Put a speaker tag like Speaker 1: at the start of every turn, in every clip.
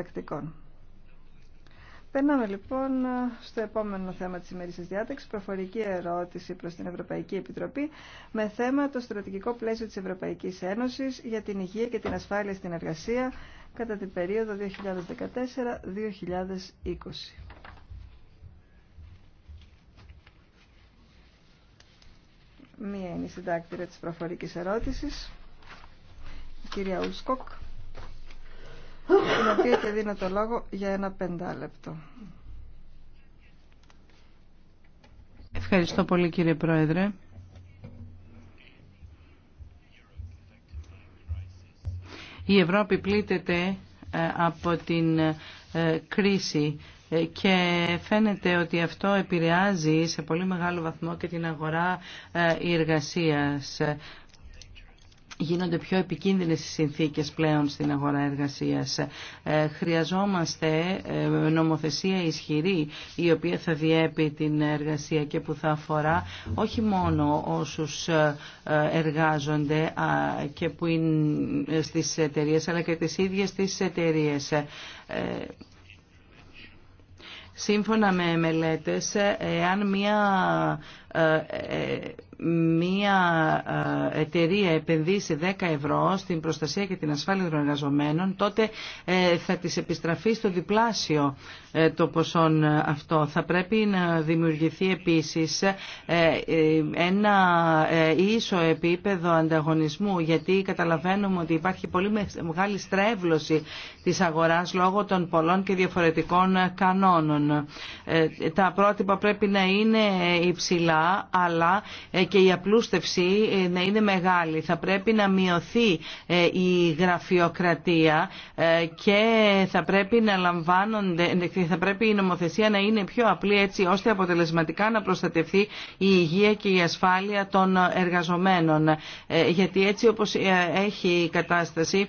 Speaker 1: πρακτικών. Περνάμε λοιπόν στο επόμενο θέμα της ημερήσης διάταξης, προφορική ερώτηση προς την Ευρωπαϊκή Επιτροπή με θέμα το στρατηγικό πλαίσιο της Ευρωπαϊκής Ένωσης για την υγεία και την ασφάλεια στην εργασία κατά την περίοδο 2014-2020. Μία είναι η συντάκτηρα της προφορικής ερώτησης, η κυρία Ουσκοκ την οποία και δίνω το λόγο για ένα πεντάλεπτο.
Speaker 2: Ευχαριστώ πολύ κύριε Πρόεδρε. Η Ευρώπη πλήττεται ε, από την ε, κρίση ε, και φαίνεται ότι αυτό επηρεάζει σε πολύ μεγάλο βαθμό και την αγορά εργασίας γίνονται πιο επικίνδυνες οι συνθήκες πλέον στην αγορά εργασίας. Ε, χρειαζόμαστε ε, νομοθεσία ισχυρή η οποία θα διέπει την εργασία και που θα αφορά όχι μόνο όσους ε, εργάζονται και που είναι στις εταιρείες αλλά και τις ίδιες τις εταιρείες. Σύμφωνα με μελέτες, εάν μία μία ε, εταιρεία επενδύσει 10 ευρώ στην προστασία και την ασφάλεια των εργαζομένων, τότε ε, θα τις επιστραφεί στο διπλάσιο ε, το ποσό αυτό. Θα πρέπει να δημιουργηθεί επίσης ένα ίσο επίπεδο ανταγωνισμού, γιατί καταλαβαίνουμε ότι υπάρχει πολύ μεγάλη στρέβλωση της αγοράς λόγω των πολλών και διαφορετικών κανόνων. Τα πρότυπα πρέπει να είναι υψηλά, αλλά και η απλούστευση ε, να είναι μεγάλη. Θα πρέπει να μειωθεί ε, η γραφειοκρατία ε, και θα πρέπει να λαμβάνονται, θα πρέπει η νομοθεσία να είναι πιο απλή έτσι ώστε αποτελεσματικά να προστατευτεί η υγεία και η ασφάλεια των εργαζομένων. Γιατί έτσι όπως έχει η κατάσταση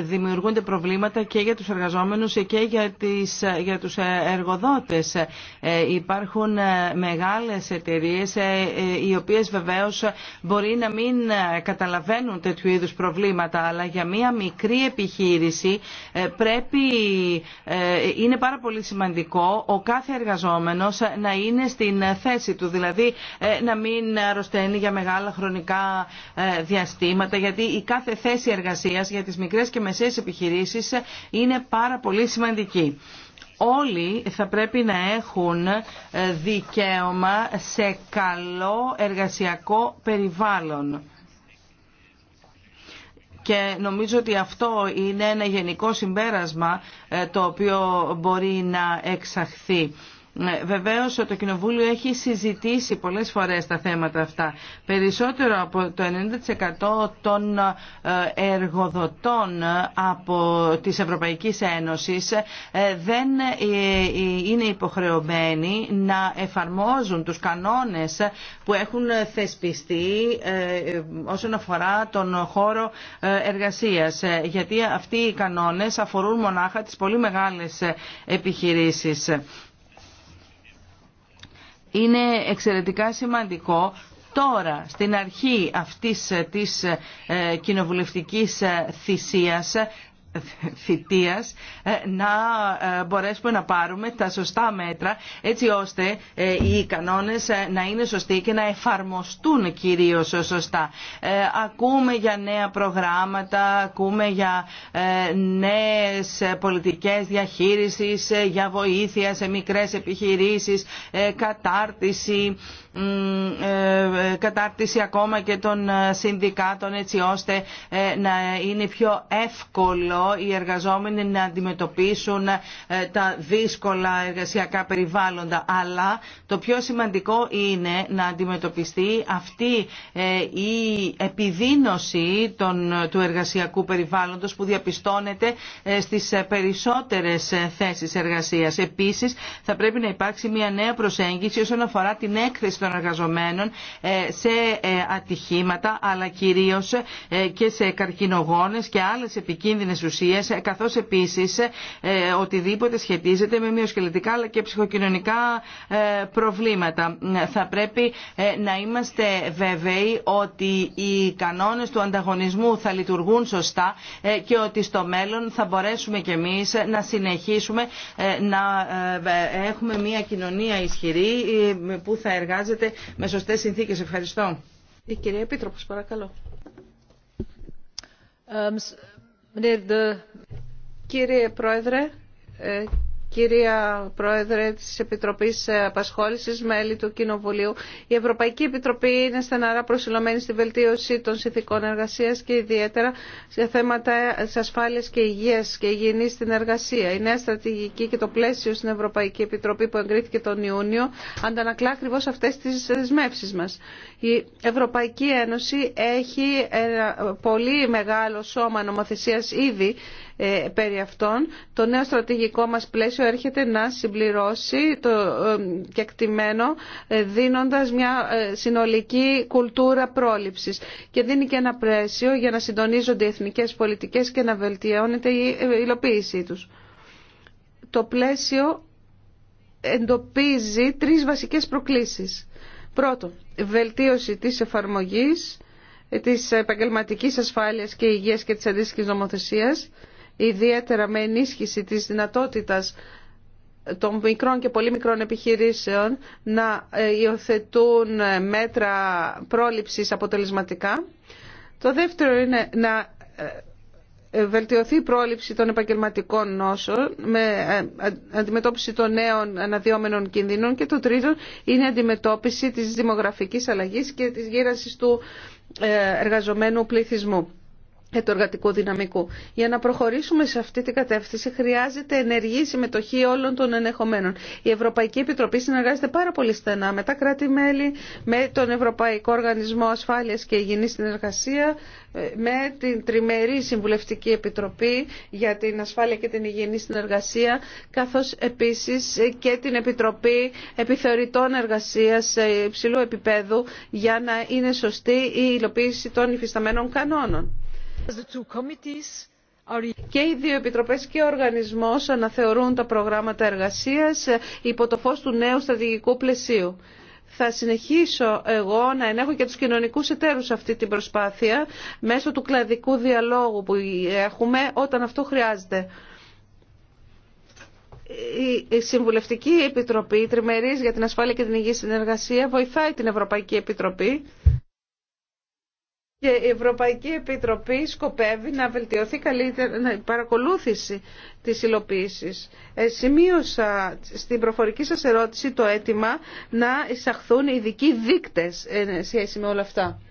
Speaker 2: δημιουργούνται προβλήματα και για τους εργαζόμενους και για, τις, για τους εργοδότες. Υπάρχουν μεγάλες εταιρείες οι οποίε βεβαίως μπορεί να μην καταλαβαίνουν τέτοιου είδους προβλήματα αλλά για μια μικρή επιχείρηση ε, πρέπει, ε, είναι πάρα πολύ σημαντικό ο κάθε εργαζόμενος να είναι στην θέση του δηλαδή ε, να μην αρρωσταίνει για μεγάλα χρονικά διαστήματα γιατί η κάθε θέση εργασίας για τις μικρές και μεσαίες επιχειρήσεις είναι πάρα πολύ σημαντική όλοι θα πρέπει να έχουν ε, δικαίωμα σε καλό εργασιακό περιβάλλον. Και νομίζω ότι αυτό είναι ένα γενικό συμπέρασμα ε, το οποίο μπορεί να εξαχθεί. Ναι, Βεβαίω, το Κοινοβούλιο έχει συζητήσει πολλές φορές τα θέματα αυτά. Περισσότερο από το 90% των ε, εργοδοτών ε, από της Ευρωπαϊκής Ένωσης ε, δεν είναι υποχρεωμένοι να εφαρμόζουν τους κανόνες που έχουν θεσπιστεί όσον αφορά τον χώρο εργασίας. Γιατί αυτοί οι κανόνες αφορούν μονάχα τις πολύ μεγάλες επιχειρήσει είναι εξαιρετικά σημαντικό τώρα στην αρχή αυτής της ε, κοινοβουλευτικής ε, θυσίας θητείας ε, να ε, μπορέσουμε να πάρουμε τα σωστά μέτρα έτσι ώστε ε, οι κανόνες να είναι σωστοί και να εφαρμοστούν κυρίως σωστά. Ακούμε για νέα προγράμματα, ακούμε για νέες πολιτικές διαχείρισης, για βοήθεια σε μικρές επιχειρήσεις, κατάρτιση ε, ε, κατάρτιση ακόμα και των ε, συνδικάτων έτσι ώστε να είναι πιο εύκολο οι εργαζόμενοι να αντιμετωπίσουν τα δύσκολα εργασιακά περιβάλλοντα. Αλλά το πιο σημαντικό είναι να αντιμετωπιστεί αυτή η επιδίνωση του εργασιακού περιβάλλοντος που διαπιστώνεται στις περισσότερες θέσεις εργασίας. Επίσης θα πρέπει να υπάρξει μια νέα προσέγγιση όσον αφορά την έκθεση των εργαζομένων ε, σε ε, ατυχήματα αλλά κυρίως ε, και σε καρκινογόνες και άλλες επικίνδυνες ουσίες καθώς επίσης οτιδήποτε σχετίζεται με μειοσκελετικά αλλά και ψυχοκοινωνικά προβλήματα. Θα πρέπει να είμαστε βέβαιοι ότι οι κανόνες του ανταγωνισμού θα λειτουργούν σωστά και ότι στο μέλλον θα μπορέσουμε κι εμείς να συνεχίσουμε να έχουμε μια κοινωνία ισχυρή που θα εργάζεται εργάζεται με σωστές συνθήκες. Ευχαριστώ. Η κυρία Επίτροπος, παρακαλώ.
Speaker 3: Ε, ναι, Κύριε Πρόεδρε, ε, κυρία Πρόεδρε της Επιτροπής Απασχόλησης, μέλη του Κοινοβουλίου. Η Ευρωπαϊκή Επιτροπή είναι στεναρά προσιλωμένη στη βελτίωση των συνθηκών εργασίας και ιδιαίτερα σε θέματα ασφάλειας και υγείας και υγιεινής στην εργασία. Η νέα στρατηγική και το πλαίσιο στην Ευρωπαϊκή Επιτροπή που εγκρίθηκε τον Ιούνιο αντανακλά ακριβώ αυτές τις δεσμεύσεις μας. Η Ευρωπαϊκή Ένωση έχει ένα πολύ μεγάλο σώμα νομοθεσίας ήδη ε, περί αυτών. Το νέο στρατηγικό μας πλαίσιο έρχεται να συμπληρώσει το ε, κεκτημένο ε, δίνοντας μια ε, συνολική κουλτούρα πρόληψης και δίνει και ένα πλαίσιο για να συντονίζονται οι εθνικές πολιτικές και να βελτιώνεται η υλοποίησή τους. Το πλαίσιο εντοπίζει τρεις βασικές προκλήσεις. Πρώτο, βελτίωση της εφαρμογής της επαγγελματικής ασφάλειας και υγείας και της αντίστοιχης νομοθεσίας ιδιαίτερα με ενίσχυση της δυνατότητας των μικρών και πολύ μικρών επιχειρήσεων να ε, υιοθετούν ε, μέτρα πρόληψης αποτελεσματικά. Το δεύτερο είναι να ε, βελτιωθεί η πρόληψη των επαγγελματικών νόσων με αντιμετώπιση των νέων αναδυόμενων κινδύνων και το τρίτο είναι αντιμετώπιση της δημογραφικής αλλαγής και της γύρασης του εργαζομένου πληθυσμού. Ε, και δυναμικού. Για να προχωρήσουμε σε αυτή την κατεύθυνση χρειάζεται ενεργή συμμετοχή όλων των ενεχομένων. Η Ευρωπαϊκή Επιτροπή συνεργάζεται πάρα πολύ στενά με τα κράτη-μέλη, με τον Ευρωπαϊκό Οργανισμό Ασφάλειας και Υγιεινής Συνεργασία, ε, με την Τριμερή Συμβουλευτική Επιτροπή για την Ασφάλεια και την Υγιεινή Συνεργασία, καθώς επίσης ε, και την Επιτροπή Επιθεωρητών εργασία, υψηλού επίπεδου για να είναι σωστή η υλοποίηση των υφισταμένων κανόνων. Και οι δύο επιτροπές και ο οργανισμός αναθεωρούν τα προγράμματα εργασίας ε, υπό το φως του νέου στρατηγικού πλαισίου. Θα συνεχίσω εγώ να ενέχω και τους κοινωνικούς εταίρους αυτή την προσπάθεια μέσω του κλαδικού διαλόγου που έχουμε όταν αυτό χρειάζεται. Η Συμβουλευτική Επιτροπή Τριμερής για την Ασφάλεια και την Υγεία Συνεργασία βοηθάει την Ευρωπαϊκή Επιτροπή και η Ευρωπαϊκή Επιτροπή σκοπεύει να βελτιωθεί καλύτερα η παρακολούθηση της υλοποίησης. Ε, σημείωσα στην προφορική σας ερώτηση το αίτημα να εισαχθούν ειδικοί δείκτες ε, σε σχέση με όλα αυτά.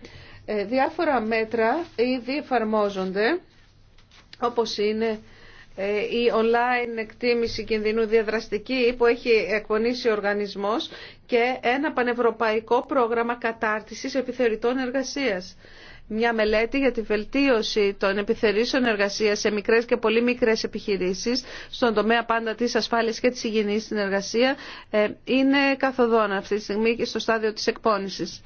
Speaker 3: Ε, διάφορα μέτρα ήδη εφαρμόζονται, όπως είναι η online εκτίμηση κινδυνού διαδραστική που έχει εκπονήσει ο οργανισμός και ένα πανευρωπαϊκό πρόγραμμα κατάρτισης επιθεωρητών εργασίας μια μελέτη για τη βελτίωση των επιθερήσεων εργασία σε μικρές και πολύ μικρές επιχειρήσεις στον τομέα πάντα της ασφάλειας και της υγιεινής στην εργασία ε, είναι καθοδόν αυτή τη στιγμή και στο στάδιο της εκπόνησης.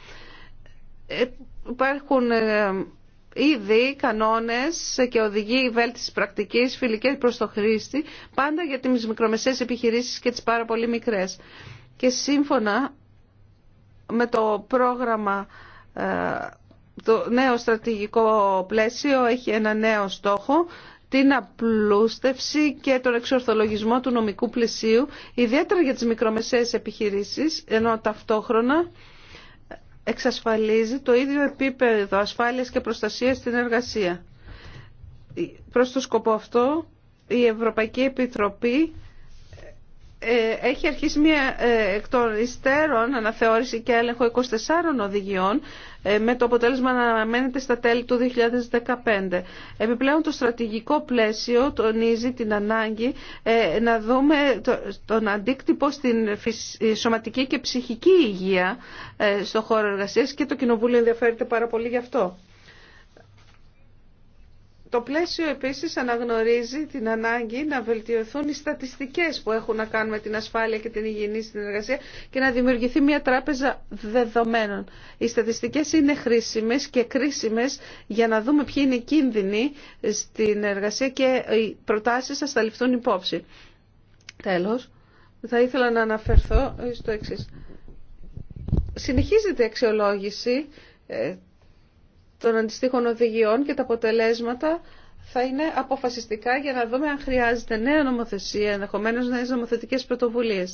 Speaker 3: Ε, υπάρχουν ε, ήδη κανόνες και οδηγεί βέλτιση πρακτική, φιλικές προς το χρήστη πάντα για τις μικρομεσαίες επιχειρήσει και τι πάρα πολύ μικρέ. Και σύμφωνα με το πρόγραμμα το νέο στρατηγικό πλαίσιο έχει ένα νέο στόχο την απλούστευση και τον εξορθολογισμό του νομικού πλαισίου, ιδιαίτερα για τις μικρομεσαίες επιχειρήσεις, ενώ ταυτόχρονα εξασφαλίζει το ίδιο επίπεδο ασφάλειας και προστασίας στην εργασία. Προς το σκοπό αυτό, η Ευρωπαϊκή Επιτροπή ε, έχει αρχίσει μια ε, εκ των υστέρων αναθεώρηση και έλεγχο 24 οδηγιών ε, με το αποτέλεσμα να αναμένεται στα τέλη του 2015. Επιπλέον το στρατηγικό πλαίσιο τονίζει την ανάγκη ε, να δούμε τον αντίκτυπο στην σωματική και ψυχική υγεία ε, στον χώρο εργασίας και το Κοινοβούλιο ενδιαφέρεται πάρα πολύ γι' αυτό. Το πλαίσιο επίσης αναγνωρίζει την ανάγκη να βελτιωθούν οι στατιστικές που έχουν να κάνουν με την ασφάλεια και την υγιεινή εργασία και να δημιουργηθεί μια τράπεζα δεδομένων. Οι στατιστικές είναι χρήσιμες και κρίσιμες για να δούμε ποιοι είναι οι κίνδυνοι στην εργασία και οι προτάσεις θα ληφθούν υπόψη. Τέλος, θα ήθελα να αναφερθώ στο εξής. Συνεχίζεται η αξιολόγηση ε, των αντιστοίχων οδηγιών και τα αποτελέσματα θα είναι αποφασιστικά για να δούμε αν χρειάζεται νέα νομοθεσία, ενδεχομένω νέε νομοθετικέ πρωτοβουλίε.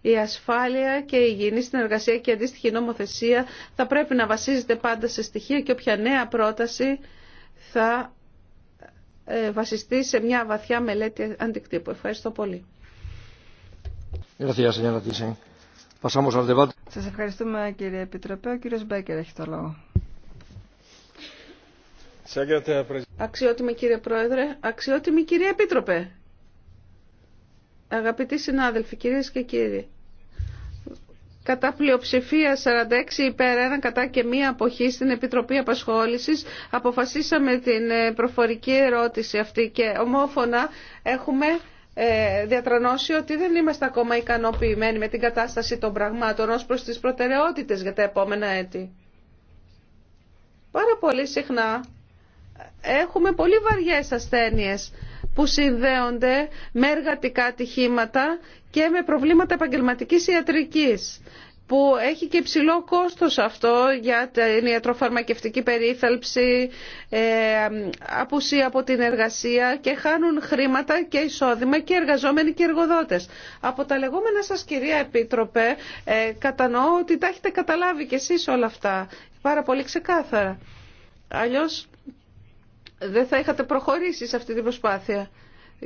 Speaker 3: Η ασφάλεια και η υγιεινή συνεργασία και η αντίστοιχη νομοθεσία θα πρέπει να βασίζεται πάντα σε στοιχεία και όποια νέα πρόταση θα ε, βασιστεί σε μια βαθιά μελέτη αντικτύπου. Ευχαριστώ πολύ.
Speaker 1: Σα ευχαριστούμε κύριε Επιτροπέ. Ο κύριο Μπέκερ έχει το λόγο.
Speaker 3: Αξιότιμη κύριε Πρόεδρε, αξιότιμη κυρία Επίτροπε, αγαπητοί συνάδελφοι, κυρίες και κύριοι, κατά πλειοψηφία 46 υπέρ 1 κατά και μία αποχή στην Επιτροπή Απασχόλησης αποφασίσαμε την ε, προφορική ερώτηση αυτή και ομόφωνα έχουμε ε, διατρανώσει ότι δεν είμαστε ακόμα ικανοποιημένοι με την κατάσταση των πραγμάτων ως προς τις προτεραιότητες για τα επόμενα έτη. Πάρα πολύ συχνά έχουμε πολύ βαριές ασθένειες που συνδέονται με εργατικά ατυχήματα και με προβλήματα επαγγελματική ιατρικής που έχει και υψηλό κόστος αυτό για την ιατροφαρμακευτική περίθαλψη, ε, απουσία από την εργασία και χάνουν χρήματα και εισόδημα και εργαζόμενοι και εργοδότες. Από τα λεγόμενα σας κυρία Επίτροπε, ε, κατανοώ ότι τα έχετε καταλάβει κι εσείς όλα αυτά, πάρα πολύ ξεκάθαρα. Αλλιώς δεν θα είχατε προχωρήσει σε αυτή την προσπάθεια.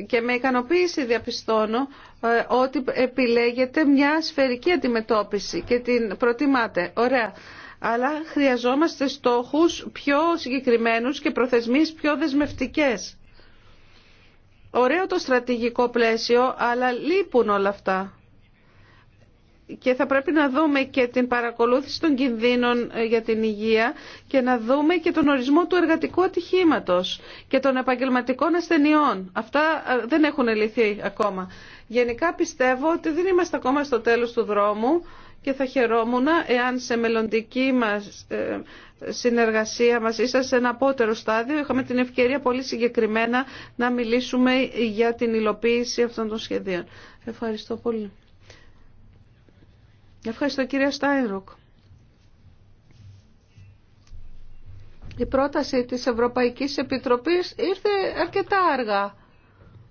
Speaker 3: Και με ικανοποίηση διαπιστώνω ε, ότι επιλέγετε μια σφαιρική αντιμετώπιση και την προτιμάτε. Ωραία. Αλλά χρειαζόμαστε στόχους πιο συγκεκριμένους και προθεσμίες πιο δεσμευτικές. Ωραίο το στρατηγικό πλαίσιο, αλλά λείπουν όλα αυτά και θα πρέπει να δούμε και την παρακολούθηση των κινδύνων ε, για την υγεία και να δούμε και τον ορισμό του εργατικού ατυχήματος και των επαγγελματικών ασθενειών. Αυτά ε, δεν έχουν λυθεί ακόμα. Γενικά πιστεύω ότι δεν είμαστε ακόμα στο τέλος του δρόμου και θα χαιρόμουν εάν σε μελλοντική μας ε, συνεργασία μας σας σε ένα απότερο στάδιο είχαμε την ευκαιρία πολύ συγκεκριμένα να μιλήσουμε για την υλοποίηση αυτών των σχεδίων. Ευχαριστώ πολύ. Ευχαριστώ κυρία Στάινρουκ. Η πρόταση της Ευρωπαϊκής Επιτροπής ήρθε αρκετά αργά.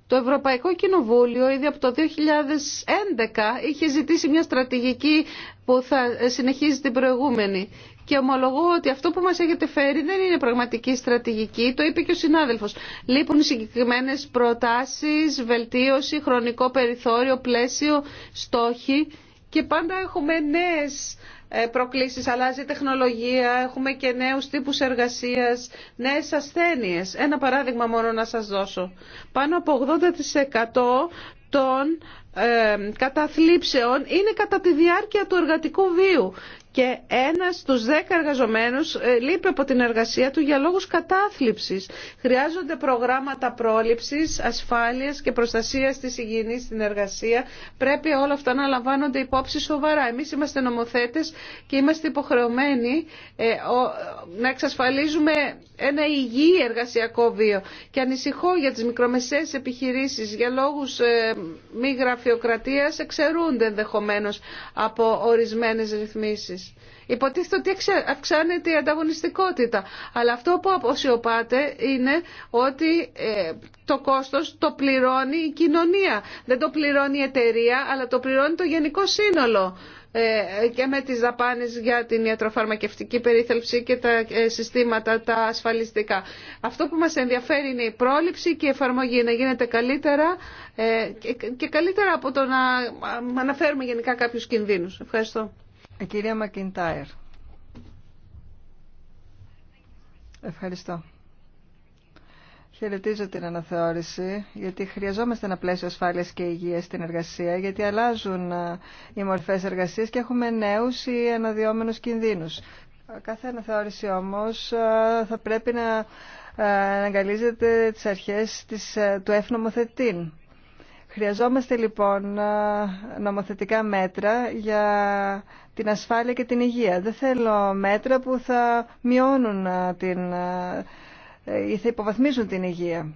Speaker 3: Το Ευρωπαϊκό Κοινοβούλιο ήδη από το 2011 είχε ζητήσει μια στρατηγική που θα συνεχίζει την προηγούμενη. Και ομολογώ ότι αυτό που μας έχετε φέρει δεν είναι πραγματική στρατηγική, το είπε και ο συνάδελφος. Λείπουν συγκεκριμένες προτάσεις, βελτίωση, χρονικό περιθώριο, πλαίσιο, στόχοι και πάντα έχουμε νέες ε, προκλήσεις, αλλάζει η τεχνολογία, έχουμε και νέους τύπους εργασίας, νέες ασθένειες. Ένα παράδειγμα μόνο να σας δώσω. Πάνω από 80% των ε, καταθλίψεων είναι κατά τη διάρκεια του εργατικού βίου και ένας στου δέκα εργαζομένους ε, λείπει από την εργασία του για λόγου κατάθλιψης. Χρειάζονται προγράμματα πρόληψη, ασφάλεια και προστασία τη υγιεινής στην εργασία. Πρέπει όλα αυτά να λαμβάνονται υπόψη σοβαρά. Εμεί είμαστε νομοθέτε και είμαστε υποχρεωμένοι ε, να εξασφαλίζουμε ένα υγιή εργασιακό βίο. Και ανησυχώ για τι μικρομεσαίε επιχειρήσει για λόγους ε, μη γραφειοκρατία εξαιρούνται ενδεχομένω από ορισμένε ρυθμίσει. Υποτίθεται ότι αυξάνεται η ανταγωνιστικότητα. Αλλά αυτό που αποσιωπάτε είναι ότι ε, το κόστος το πληρώνει η κοινωνία. Δεν το πληρώνει η εταιρεία, αλλά το πληρώνει το γενικό σύνολο ε, και με τις δαπάνες για την ιατροφαρμακευτική περίθαλψη και τα ε, συστήματα τα ασφαλιστικά. Αυτό που μας ενδιαφέρει είναι η πρόληψη και η εφαρμογή να γίνεται καλύτερα και καλύτερα από το να αναφέρουμε γενικά κάποιους κινδύνους. Ευχαριστώ. Η ε, κυρία Μακιντάιρ. Ευχαριστώ.
Speaker 1: Χαιρετίζω την αναθεώρηση, γιατί χρειαζόμαστε ένα πλαίσιο ασφάλειας και υγείας στην εργασία, γιατί αλλάζουν ε, οι μορφές εργασίας και έχουμε νέους ή αναδυόμενους κινδύνους. Κάθε αναθεώρηση όμως ε, θα πρέπει να αναγκαλίζεται τις αρχές του εφνομοθετήν. Χρειαζόμαστε λοιπόν νομοθετικά μέτρα για την ασφάλεια και την υγεία. Δεν θέλω μέτρα που θα μειώνουν την, ε, ή θα υποβαθμίζουν την υγεία.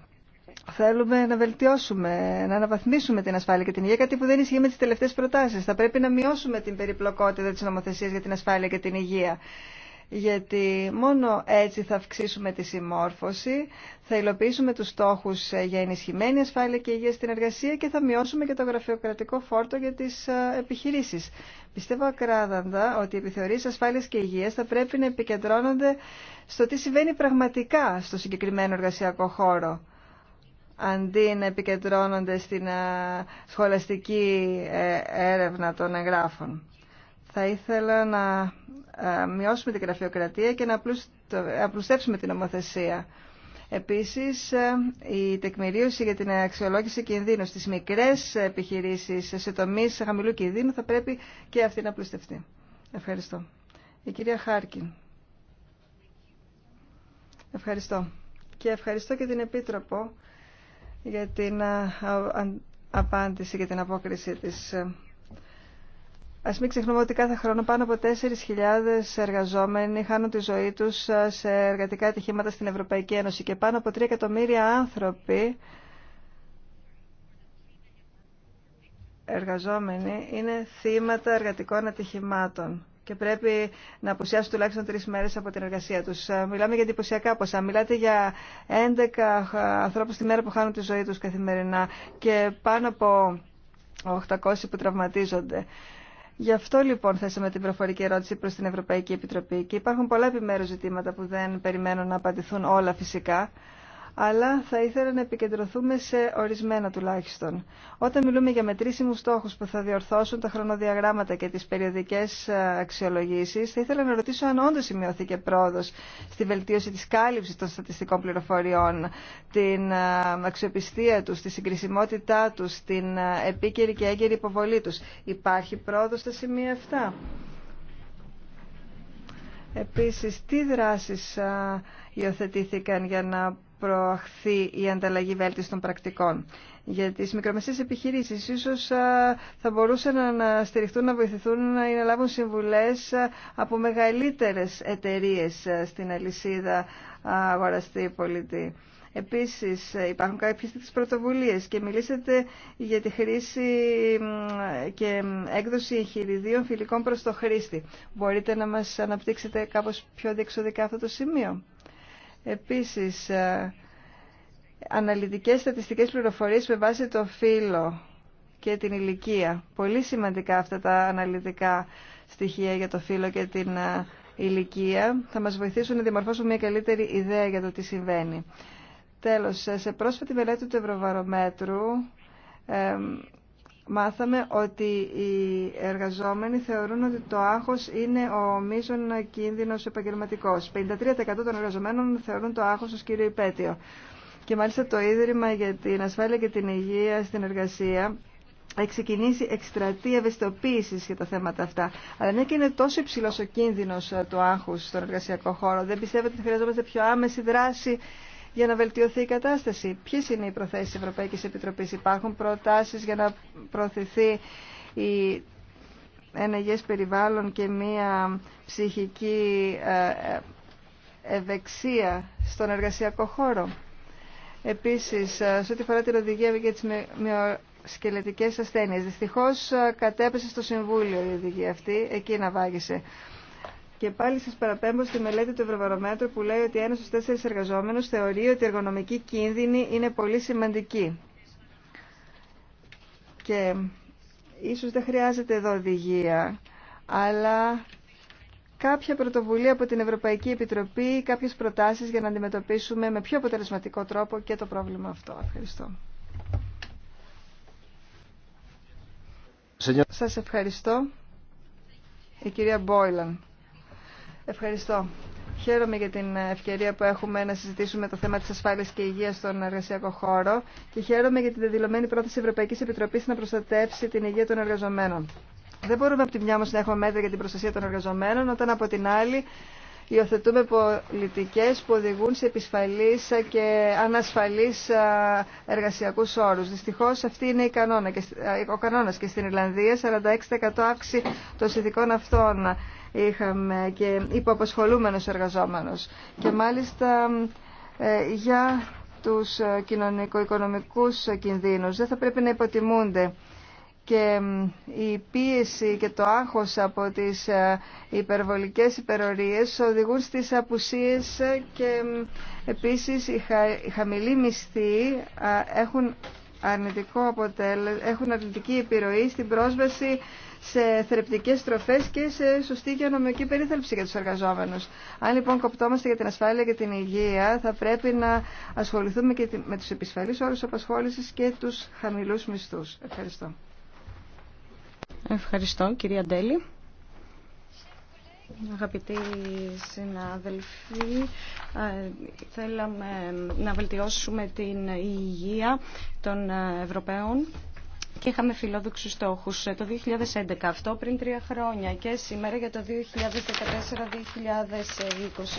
Speaker 1: Θέλουμε να βελτιώσουμε, να αναβαθμίσουμε την ασφάλεια και την υγεία, κάτι που δεν ισχύει με τι τελευταίε προτάσει. Θα πρέπει να μειώσουμε την περιπλοκότητα τη νομοθεσία για την ασφάλεια και την υγεία γιατί μόνο έτσι θα αυξήσουμε τη συμμόρφωση, θα υλοποιήσουμε τους στόχους για ενισχυμένη ασφάλεια και υγεία στην εργασία και θα μειώσουμε και το γραφειοκρατικό φόρτο για τις ε, επιχειρήσεις. Πιστεύω ακράδαντα ότι οι επιθεωρήσεις ασφάλειας και υγείας θα πρέπει να επικεντρώνονται στο τι συμβαίνει πραγματικά στο συγκεκριμένο εργασιακό χώρο αντί να επικεντρώνονται στην ε, σχολαστική ε, έρευνα των εγγράφων. Θα ήθελα να ε, μειώσουμε την γραφειοκρατία και να ε, απλουστεύσουμε την νομοθεσία. Επίσης, ε, η τεκμηρίωση για την αξιολόγηση κινδύνου στις μικρές επιχειρήσεις σε τομείς χαμηλού κινδύνου θα πρέπει και αυτή να απλουστευτεί. Ευχαριστώ. Η κυρία Χάρκιν. Ευχαριστώ. Και ευχαριστώ και την Επίτροπο για την απάντηση και την απόκριση της. Ας μην ξεχνούμε ότι κάθε χρόνο πάνω από 4.000 εργαζόμενοι χάνουν τη ζωή τους σε εργατικά ατυχήματα στην Ευρωπαϊκή Ένωση και πάνω από 3 εκατομμύρια άνθρωποι εργαζόμενοι είναι θύματα εργατικών ατυχημάτων και πρέπει να απουσιάσουν τουλάχιστον τρει μέρε από την εργασία του. Μιλάμε για εντυπωσιακά ποσά. Μιλάτε για 11 ανθρώπου τη μέρα που χάνουν τη ζωή του καθημερινά και πάνω από 800 που τραυματίζονται. Γι' αυτό λοιπόν θέσαμε την προφορική ερώτηση προς την Ευρωπαϊκή Επιτροπή και υπάρχουν πολλά επιμέρους ζητήματα που δεν περιμένουν να απαντηθούν όλα φυσικά, αλλά θα ήθελα να επικεντρωθούμε σε ορισμένα τουλάχιστον. Όταν μιλούμε για μετρήσιμους στόχους που θα διορθώσουν τα χρονοδιαγράμματα και τις περιοδικές ε, αξιολογήσεις, θα ήθελα να ρωτήσω αν όντως σημειώθηκε πρόοδος στη βελτίωση της κάλυψης των στατιστικών πληροφοριών, την ε, αξιοπιστία τους, τη συγκρισιμότητά τους, την ε, επίκαιρη και έγκαιρη υποβολή τους. Υπάρχει πρόοδος στα σημεία αυτά. Επίσης, τι δράσεις υιοθετήθηκαν για να προαχθεί η ανταλλαγή των πρακτικών. Για τι μικρομεσαίες επιχειρήσεις ίσως θα μπορούσαν να στηριχτούν, να βοηθηθούν ή να λάβουν συμβουλές από μεγαλύτερε εταιρείε στην αλυσίδα αγοραστή πολιτή. Επίσης υπάρχουν κάποιε της πρωτοβουλίες και μιλήσατε για τη χρήση και έκδοση εγχειριδίων φιλικών προ το χρήστη. Μπορείτε να μα αναπτύξετε κάπω πιο διεξοδικά αυτό το σημείο. Επίσης, ε, αναλυτικές στατιστικές πληροφορίες με βάση το φύλλο και την ηλικία. Πολύ σημαντικά αυτά τα αναλυτικά στοιχεία για το φύλλο και την ε, ηλικία. Θα μας βοηθήσουν να διαμορφώσουμε μια καλύτερη ιδέα για το τι συμβαίνει. Τέλος, ε, σε πρόσφατη μελέτη του Ευρωβαρομέτρου μάθαμε ότι οι εργαζόμενοι θεωρούν ότι το άγχος είναι ο μείζον κίνδυνος επαγγελματικός. 53% των εργαζομένων θεωρούν το άγχος ως κύριο υπέτειο. Και μάλιστα το Ίδρυμα για την Ασφάλεια και την Υγεία στην Εργασία έχει ξεκινήσει εκστρατεία ευαισθητοποίηση για τα θέματα αυτά. Αλλά μια και είναι τόσο υψηλό ο κίνδυνο ε, του άγχου στον εργασιακό χώρο, δεν πιστεύετε ότι χρειαζόμαστε πιο άμεση δράση για να βελτιωθεί η κατάσταση. Ποιες είναι οι προθέσεις της Ευρωπαϊκής Επιτροπής. Υπάρχουν προτάσεις για να προωθηθεί η ενεργέ περιβάλλον και μία ψυχική ε, ε, ευεξία στον εργασιακό χώρο. Επίσης, ε, σε ό,τι φορά την οδηγία για τις μειοσκελετικέ ασθένειες, δυστυχώς κατέπεσε στο Συμβούλιο η οδηγία αυτή, εκεί να βάγισε. Και πάλι σα παραπέμπω στη μελέτη του Ευρωβαρομέτρου που λέει ότι ένα στου τέσσερι εργαζόμενους θεωρεί ότι η εργονομική κίνδυνη είναι πολύ σημαντική. Και ίσω δεν χρειάζεται εδώ οδηγία, αλλά κάποια πρωτοβουλία από την Ευρωπαϊκή Επιτροπή, κάποιες προτάσεις για να αντιμετωπίσουμε με πιο αποτελεσματικό τρόπο και το πρόβλημα αυτό. Ευχαριστώ. Σας ευχαριστώ. Η κυρία Μπόιλαν. Ευχαριστώ. Χαίρομαι για την ευκαιρία που έχουμε να συζητήσουμε το θέμα τη ασφάλεια και υγεία στον εργασιακό χώρο και χαίρομαι για την δεδηλωμένη πρόθεση Ευρωπαϊκή Επιτροπή να προστατεύσει την υγεία των εργαζομένων. Δεν μπορούμε από τη μια όμω να έχουμε μέτρα για την προστασία των εργαζομένων, όταν από την άλλη υιοθετούμε πολιτικέ που οδηγούν σε επισφαλεί και ανασφαλεί εργασιακού όρου. Δυστυχώ αυτή είναι η κανόνα, ο κανόνα και στην Ιρλανδία 46% αύξηση των συνθηκών αυτών είχαμε και υποαπασχολούμενος εργαζόμενος Και μάλιστα ε, για τους ε, κοινωνικο-οικονομικούς κινδύνους δεν θα πρέπει να υποτιμούνται και η πίεση και το άγχος από τις ε, υπερβολικές υπερορίες οδηγούν στις απουσίες και επίσης οι χαμηλοί μισθοί έχουν, αρνητικό αποτέλεσμα, έχουν αρνητική επιρροή στην πρόσβαση σε θρεπτικές τροφές και σε σωστή υγειονομική περίθαλψη για τους εργαζόμενους. Αν λοιπόν κοπτόμαστε για την ασφάλεια και την υγεία, θα πρέπει να ασχοληθούμε και με τους επισφαλείς όρους απασχόλησης και τους χαμηλούς μισθούς.
Speaker 4: Ευχαριστώ. Ευχαριστώ κυρία Ντέλη. Αγαπητοί συνάδελφοι, θέλαμε να βελτιώσουμε την υγεία των ε, Ευρωπαίων και είχαμε φιλοδοξου στόχου. Ε, το 2011 αυτό πριν τρία χρόνια και σήμερα για το 2014-2020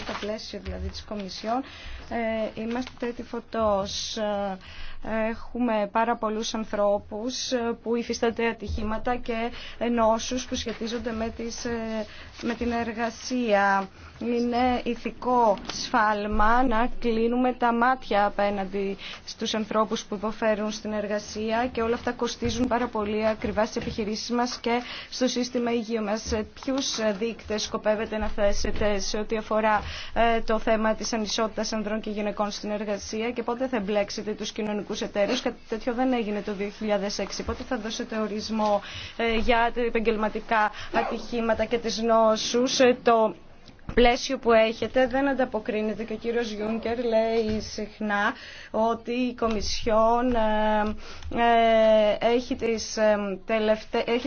Speaker 4: το πλαίσιο δηλαδή τη Κομισιόν ε, είμαστε τέτοιοι φωτός. Ε, Έχουμε πάρα πολλούς ανθρώπους που υφίστανται ατυχήματα και νόσους που σχετίζονται με, τις, ε, με την εργασία. Είναι ηθικό σφάλμα να κλείνουμε τα μάτια απέναντι στους ανθρώπους που υποφέρουν στην εργασία και όλα αυτά κοστίζουν πάρα πολύ ακριβά στις επιχειρήσεις μας και στο σύστημα υγείου μας. Ποιους δείκτες σκοπεύετε να θέσετε σε ό,τι αφορά ε, το θέμα της ανισότητας ανδρών και γυναικών στην εργασία και πότε θα εμπλέξετε τους κοινωνικούς ιδιωτικού εταίρου. Κάτι τέτοιο δεν έγινε το 2006. Πότε θα δώσετε ορισμό ε, για τα επαγγελματικά ατυχήματα και τι νόσου, ε, το πλαίσιο που έχετε δεν ανταποκρίνεται και ο κύριος Γιούνκερ λέει συχνά ότι η Κομισιόν ε, έχει, τις,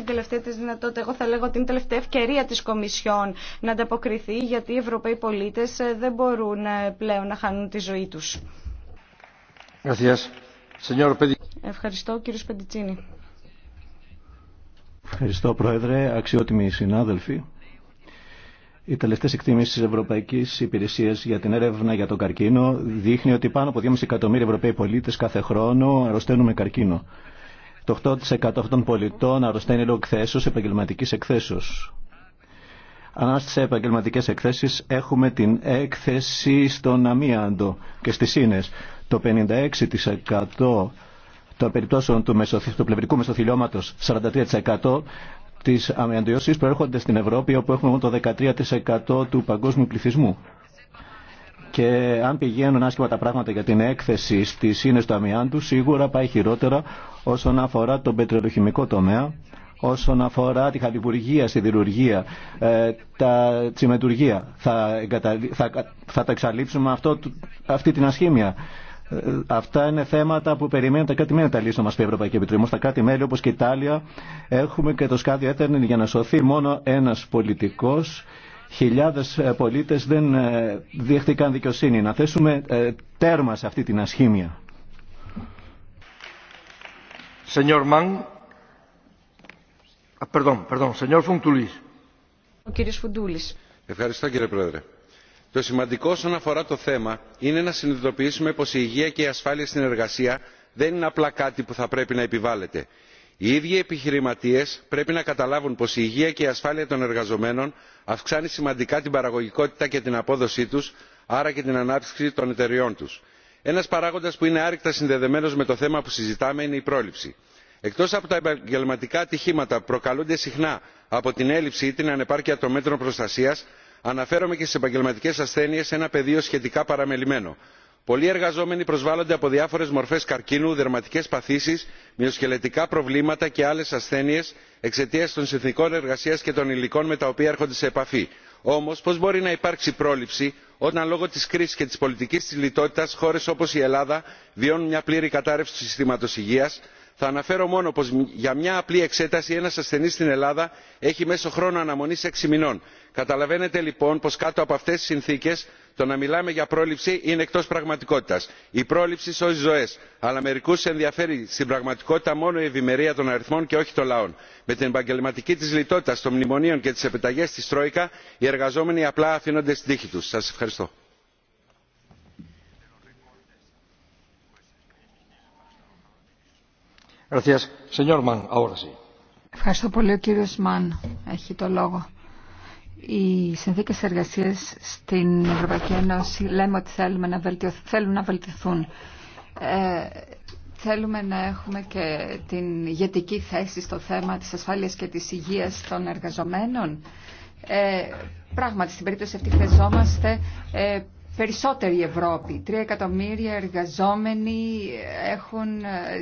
Speaker 4: τελευταία τη δυνατότητα, εγώ θα λέγω την τελευταία ευκαιρία της Κομισιόν να ανταποκριθεί γιατί οι Ευρωπαίοι πολίτες δεν μπορούν πλέον να χάνουν τη ζωή τους. Ευχαριστώ κύριο Σπεντιτσίνη.
Speaker 5: Ευχαριστώ Πρόεδρε, αξιότιμοι συνάδελφοι. Οι τελευταίε εκτίμησει τη Ευρωπαϊκή Υπηρεσία για την έρευνα για τον καρκίνο δείχνει ότι πάνω από 2,5 εκατομμύρια Ευρωπαίοι πολίτε κάθε χρόνο αρρωσταίνουν με καρκίνο. Το 8% αυτών των πολιτών αρρωσταίνει λόγω εκθέσεω επαγγελματική εκθέσεω. Αν στι επαγγελματικέ εκθέσει έχουμε την έκθεση στον αμίαντο και στι ίνε. Το 56% των περιπτώσεων του, μεσοθυ... του πλευρικού μεσοθυλιώματο, 43% τη αμοιαντιώσει προέρχονται στην Ευρώπη, όπου έχουμε μόνο το 13% του παγκόσμιου πληθυσμού. Και αν πηγαίνουν άσχημα τα πράγματα για την έκθεση στι ίνε του αμοιάντου, σίγουρα πάει χειρότερα όσον αφορά τον πετρελοχημικό τομέα όσον αφορά τη χαλιβουργία, ε, τα τσιμεντουργία. Θα, εγκαταλ... θα, θα τα εξαλείψουμε αυτό, αυτή την ασχήμια. Ε, αυτά είναι θέματα που περιμένουν τα κράτη-μέλη τα λύσουν, μα η Ευρωπαϊκή Επιτροπή. Στα κράτη-μέλη, όπω και η Ιταλία, έχουμε και το σκάδιο έτερνη για να σωθεί μόνο ένας πολιτικός. Χιλιάδες ε, πολίτες δεν ε, διέχτηκαν δικαιοσύνη. Να θέσουμε τέρμα σε αυτή την ασχήμια. Señor Mann.
Speaker 6: Ευχαριστώ κύριε Πρόεδρε. Το σημαντικό όσον αφορά το θέμα είναι να συνειδητοποιήσουμε πως η υγεία και η ασφάλεια στην εργασία δεν είναι απλά κάτι που θα πρέπει να επιβάλλεται. Οι ίδιοι οι επιχειρηματίες πρέπει να καταλάβουν πως η υγεία και η ασφάλεια των εργαζομένων αυξάνει σημαντικά την παραγωγικότητα και την απόδοσή τους, άρα και την ανάπτυξη των εταιριών τους. Ένας παράγοντας που είναι άρρηκτα συνδεδεμένος με το θέμα που συζητάμε είναι η πρόληψη εκτός από τα επαγγελματικά ατυχήματα που προκαλούνται συχνά από την έλλειψη ή την ανεπάρκεια των μέτρων προστασίας αναφέρομαι και στις επαγγελματικές ασθένειες ένα πεδίο σχετικά παραμελημένο. πολλοί εργαζόμενοι προσβάλλονται από διάφορες μορφές καρκίνου δερματικές παθήσεις μυοσκελετικά προβλήματα και άλλες ασθένειες εξαιτίας των συνθηκών εργασίας και των υλικών με τα οποία έρχονται σε επαφή. όμως πώς μπορεί να υπάρξει πρόληψη όταν λόγω της κρίσης και της πολιτικής τη λιτότητα, χώρες όπως η ελλάδα βιώνουν μια πλήρη κατάρρευση του συστήματος υγείας θα αναφέρω μόνο πως για μια απλή εξέταση ένας ασθενής στην ελλάδα έχει μέσο χρόνο αναμονής έξι μηνών. καταλαβαίνετε λοιπόν πως κάτω από αυτές τις συνθήκες το να μιλάμε για πρόληψη είναι εκτός πραγματικότητας. η πρόληψη σώζει ζωές αλλά μερικούς ενδιαφέρει στην πραγματικότητα μόνο η ευημερία των αριθμών και όχι των λαών. με την επαγγελματική της λιτότητα των μνημονίων και τις επιταγές της τρόικα οι εργαζόμενοι απλά αφήνονται στην τύχη τους. σας ευχαριστώ.
Speaker 7: Ευχαριστώ πολύ. Ο κύριος Μαν έχει το λόγο. Οι συνθήκες εργασίας στην Ευρωπαϊκή Ένωση λέμε ότι θέλουν να βελτιωθούν. Ε, θέλουμε να έχουμε και την ηγετική θέση στο θέμα της ασφάλειας και της υγείας των εργαζομένων. Ε, πράγματι, στην περίπτωση αυτή χρειαζόμαστε ε, περισσότερη Ευρώπη. Τρία εκατομμύρια εργαζόμενοι έχουν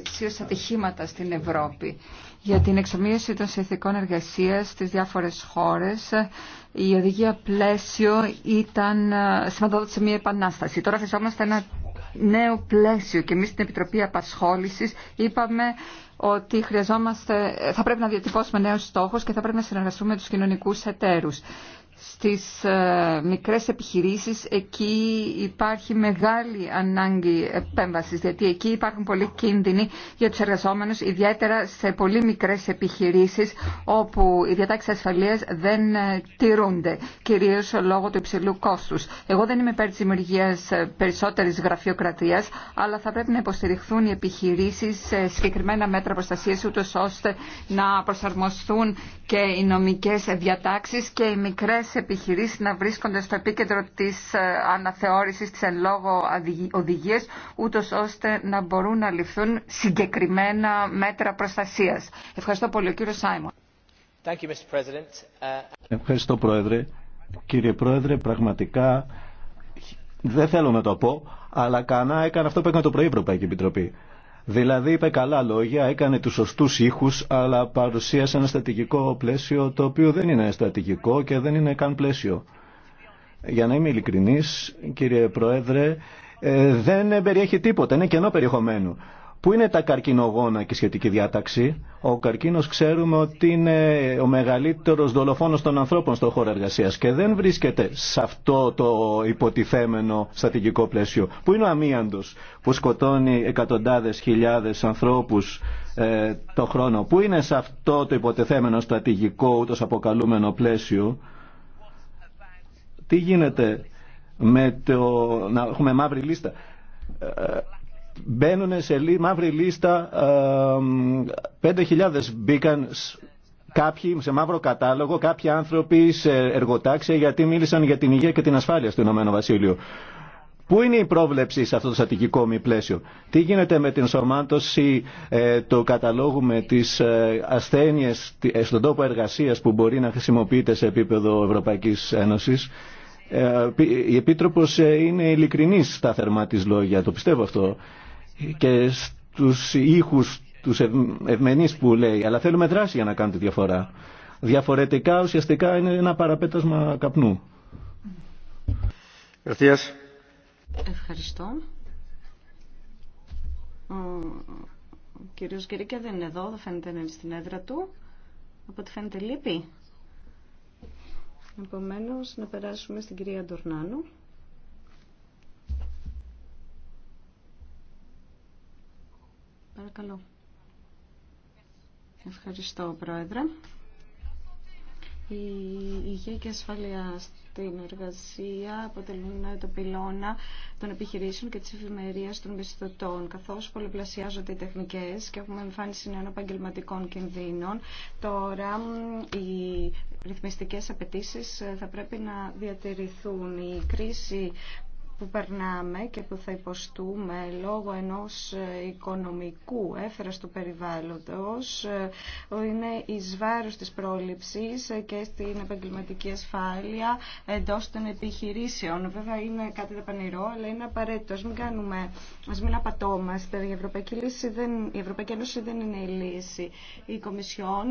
Speaker 7: σιω ε, ατυχήματα στην Ευρώπη. Για την εξομοίωση των συνθηκών εργασίας στις διάφορες χώρες, η οδηγία πλαίσιο ήταν ε, σημαντικότητα σε μια επανάσταση. Τώρα χρειαζόμαστε ένα νέο πλαίσιο και εμεί στην Επιτροπή απασχόληση είπαμε ότι χρειαζόμαστε, θα πρέπει να διατυπώσουμε νέους στόχους και θα πρέπει να συνεργαστούμε με τους κοινωνικούς εταίρους στις ε, μικρές επιχειρήσεις εκεί υπάρχει μεγάλη ανάγκη επέμβασης γιατί εκεί υπάρχουν πολλοί κίνδυνοι για τους εργαζόμενους ιδιαίτερα σε πολύ μικρές επιχειρήσεις όπου οι διατάξεις ασφαλείας δεν ε, τηρούνται κυρίως λόγω του υψηλού κόστους. Εγώ δεν είμαι υπέρ της δημιουργίας ε, περισσότερης γραφειοκρατίας αλλά θα πρέπει να υποστηριχθούν οι επιχειρήσεις σε συγκεκριμένα μέτρα προστασίας ούτως ώστε να προσαρμοστούν και οι νομικές διατάξεις και οι μικρές τις επιχειρήσεις να βρίσκονται στο επίκεντρο της ε, αναθεώρησης της εν λόγω οδηγίας, ούτως ώστε να μπορούν να ληφθούν συγκεκριμένα μέτρα προστασίας. Ευχαριστώ πολύ, ο κύριος Σάιμον.
Speaker 8: Uh,
Speaker 5: Ευχαριστώ, Πρόεδρε. Κύριε Πρόεδρε, πραγματικά δεν θέλω να το πω, αλλά κανά έκανε αυτό που έκανε το πρωί η Ευρωπαϊκή Επιτροπή. Δηλαδή είπε καλά λόγια, έκανε τους σωστούς ήχους, αλλά παρουσίασε ένα στρατηγικό πλαίσιο το οποίο δεν είναι στρατηγικό και δεν είναι καν πλαίσιο. Για να είμαι ειλικρινής, κύριε Πρόεδρε, ε, δεν περιέχει τίποτα, είναι κενό περιεχομένου. Πού είναι τα καρκινογόνα και σχετική διάταξη. Ο καρκίνος ξέρουμε ότι είναι ο μεγαλύτερος δολοφόνος των ανθρώπων στον χώρο εργασία και δεν βρίσκεται σε αυτό το υποτιθέμενο στατικικό πλαίσιο. Πού είναι ο αμίαντος που σκοτώνει εκατοντάδες χιλιάδες ανθρώπους ε, το χρόνο. Πού είναι σε αυτό το υποτιθέμενο στρατηγικό ούτω αποκαλούμενο πλαίσιο. Τι γίνεται με το να έχουμε μαύρη λίστα. Ε, μπαίνουν σε μαύρη λίστα, 5.000 μπήκαν κάποιοι σε μαύρο κατάλογο, κάποιοι άνθρωποι σε εργοτάξια γιατί μίλησαν για την υγεία και την ασφάλεια στο Ηνωμένο Βασίλειο. Πού είναι η πρόβλεψη σε αυτό το στατικικό μη πλαίσιο. Τι γίνεται με την σωμάτωση ε, του καταλόγου με τις ε, ασθένειες ε, στον τόπο εργασίας που μπορεί να χρησιμοποιείται σε επίπεδο Ευρωπαϊκής Ένωσης. Ε, η Επίτροπος ε, είναι ειλικρινής στα θερμά της λόγια, το πιστεύω αυτό και στους ήχους τους ευ, ευμενείς που λέει, αλλά θέλουμε δράση για να κάνουμε τη διαφορά. Διαφορετικά ουσιαστικά είναι ένα παραπέτασμα καπνού.
Speaker 4: Ευχαριστώ. Ο κύριος Γκυρίκια δεν είναι εδώ, δεν φαίνεται να είναι στην έδρα του. Από φαίνεται λείπει. Επομένως, να περάσουμε στην κυρία Ντορνάνου. Ευχαριστώ, Πρόεδρε. Η υγεία και ασφάλεια στην εργασία αποτελούν το πυλώνα των επιχειρήσεων και τη ευημερία των μισθωτών. Καθώς πολλαπλασιάζονται οι τεχνικέ και έχουμε εμφάνιση νέων επαγγελματικών κινδύνων, τώρα οι ρυθμιστικές απαιτήσει θα πρέπει να διατηρηθούν. Η κρίση που περνάμε και που θα υποστούμε λόγω ενός οικονομικού έφερας του περιβάλλοντος είναι η βάρος της πρόληψης και στην επαγγελματική ασφάλεια εντός των επιχειρήσεων. Βέβαια είναι κάτι πανηρό, αλλά είναι απαραίτητο. Ας μην, κάνουμε, ας μην απατώμαστε. Η Ευρωπαϊκή, λύση δεν, η Ευρωπαϊκή Ένωση δεν είναι η λύση. Η Κομισιόν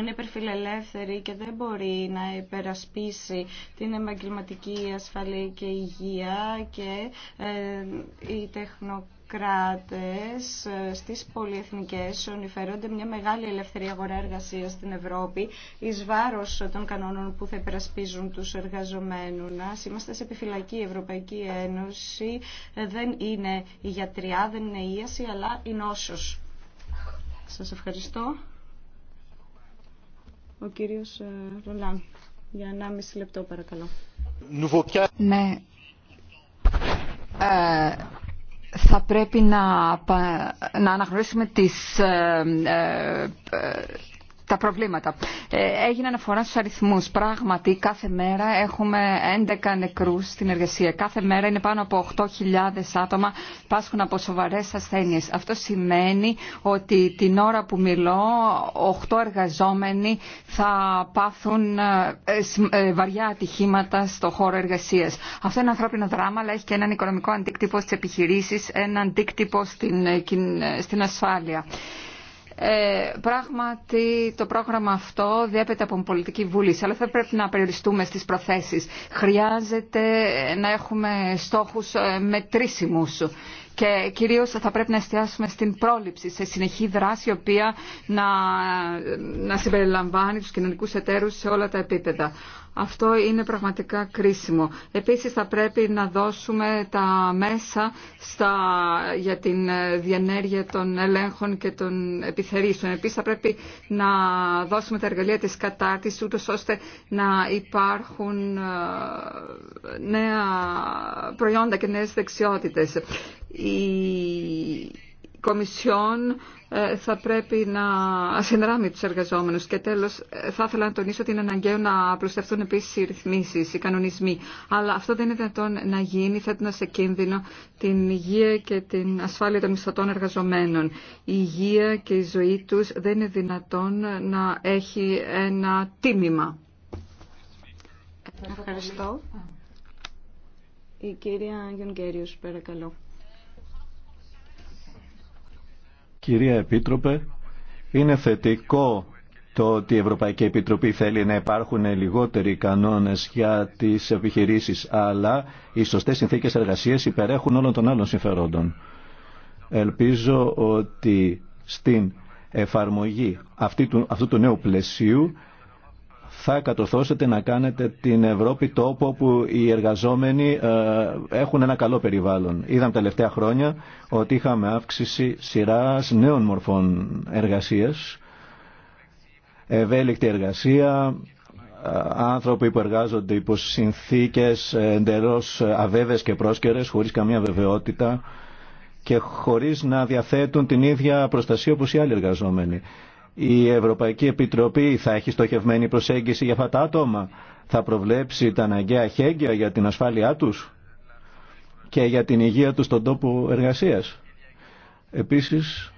Speaker 4: είναι υπερφιλελεύθερη και δεν μπορεί να υπερασπίσει την επαγγελματική ασφαλή και υγεία και ε, οι τεχνοκράτες ε, στις πολυεθνικές ονειφέρονται μια μεγάλη ελευθερία αγορά εργασίας στην Ευρώπη εις βάρος των κανόνων που θα υπερασπίζουν τους εργαζομένους. Είμαστε σε επιφυλακή. Η Ευρωπαϊκή Ένωση ε, δεν είναι η γιατριά, δεν είναι η ίαση, αλλά η νόσος. Σας ευχαριστώ. Ο κύριος ε, Ρολάν, για 1,5 λεπτό παρακαλώ.
Speaker 7: Ναι. Ε, θα πρέπει να, να αναγνωρίσουμε τις ε, ε, τα προβλήματα. Ε, έγινε αναφορά στους αριθμούς. Πράγματι, κάθε μέρα έχουμε 11 νεκρούς στην εργασία. Κάθε μέρα είναι πάνω από 8.000 άτομα πάσχουν από σοβαρές ασθένειες. Αυτό σημαίνει ότι την ώρα που μιλώ, 8 εργαζόμενοι θα πάθουν ε, ε, βαριά ατυχήματα στο χώρο εργασίας. Αυτό είναι ανθρώπινο δράμα, αλλά έχει και έναν οικονομικό αντίκτυπο στις επιχειρήσεις, έναν αντίκτυπο στην, στην ασφάλεια. Ε, πράγματι το πρόγραμμα αυτό διέπεται από πολιτική βούληση, αλλά θα πρέπει να περιοριστούμε στις προθέσεις. Χρειάζεται να έχουμε στόχους ε, μετρήσιμους και κυρίως θα πρέπει να εστιάσουμε στην πρόληψη, σε συνεχή δράση, η οποία να, να συμπεριλαμβάνει τους κοινωνικούς εταίρους σε όλα τα επίπεδα. Αυτό είναι πραγματικά κρίσιμο. Επίσης θα πρέπει να δώσουμε τα μέσα στα, για την ε, διενέργεια των ελέγχων και των επιθερήσεων. Επίσης θα πρέπει να δώσουμε τα εργαλεία της κατάρτισης ούτως ώστε να υπάρχουν ε, νέα προϊόντα και νέες δεξιότητες. Κομισιόν ε, θα πρέπει να συνδράμει τους εργαζόμενους. Και τέλος, ε, θα ήθελα να τονίσω ότι είναι αναγκαίο να απλουστευτούν επίσης οι ρυθμίσεις, οι κανονισμοί. Αλλά αυτό δεν είναι δυνατόν να γίνει θέτοντα σε κίνδυνο την υγεία και την ασφάλεια των μισθωτών εργαζομένων. Η υγεία και η ζωή τους δεν είναι δυνατόν να έχει ένα τίμημα.
Speaker 4: Ευχαριστώ. Η κυρία Γιονγκέριος, παρακαλώ.
Speaker 5: Κυρία Επίτροπε, είναι θετικό το ότι η Ευρωπαϊκή Επιτροπή θέλει να υπάρχουν λιγότεροι κανόνες για τις επιχειρήσεις, αλλά οι σωστές συνθήκες εργασίας υπερέχουν όλων των άλλων συμφερόντων. Ελπίζω ότι στην εφαρμογή αυτού του νέου πλαισίου θα κατορθώσετε να κάνετε την Ευρώπη τόπο όπου οι εργαζόμενοι ε, έχουν ένα καλό περιβάλλον. Είδαμε τα τελευταία χρόνια ότι είχαμε αύξηση σειράς νέων μορφών εργασίας, ευέλικτη εργασία, ε, άνθρωποι που εργάζονται υπό συνθήκες εντελώς αβέβαιες και πρόσκαιρες, χωρίς καμία βεβαιότητα και χωρίς να διαθέτουν την ίδια προστασία όπως οι άλλοι εργαζόμενοι η Ευρωπαϊκή Επιτροπή θα έχει στοχευμένη προσέγγιση για αυτά τα άτομα, θα προβλέψει τα αναγκαία χέγγια για την ασφάλειά τους και για την υγεία τους στον τόπο εργασίας. Επίσης,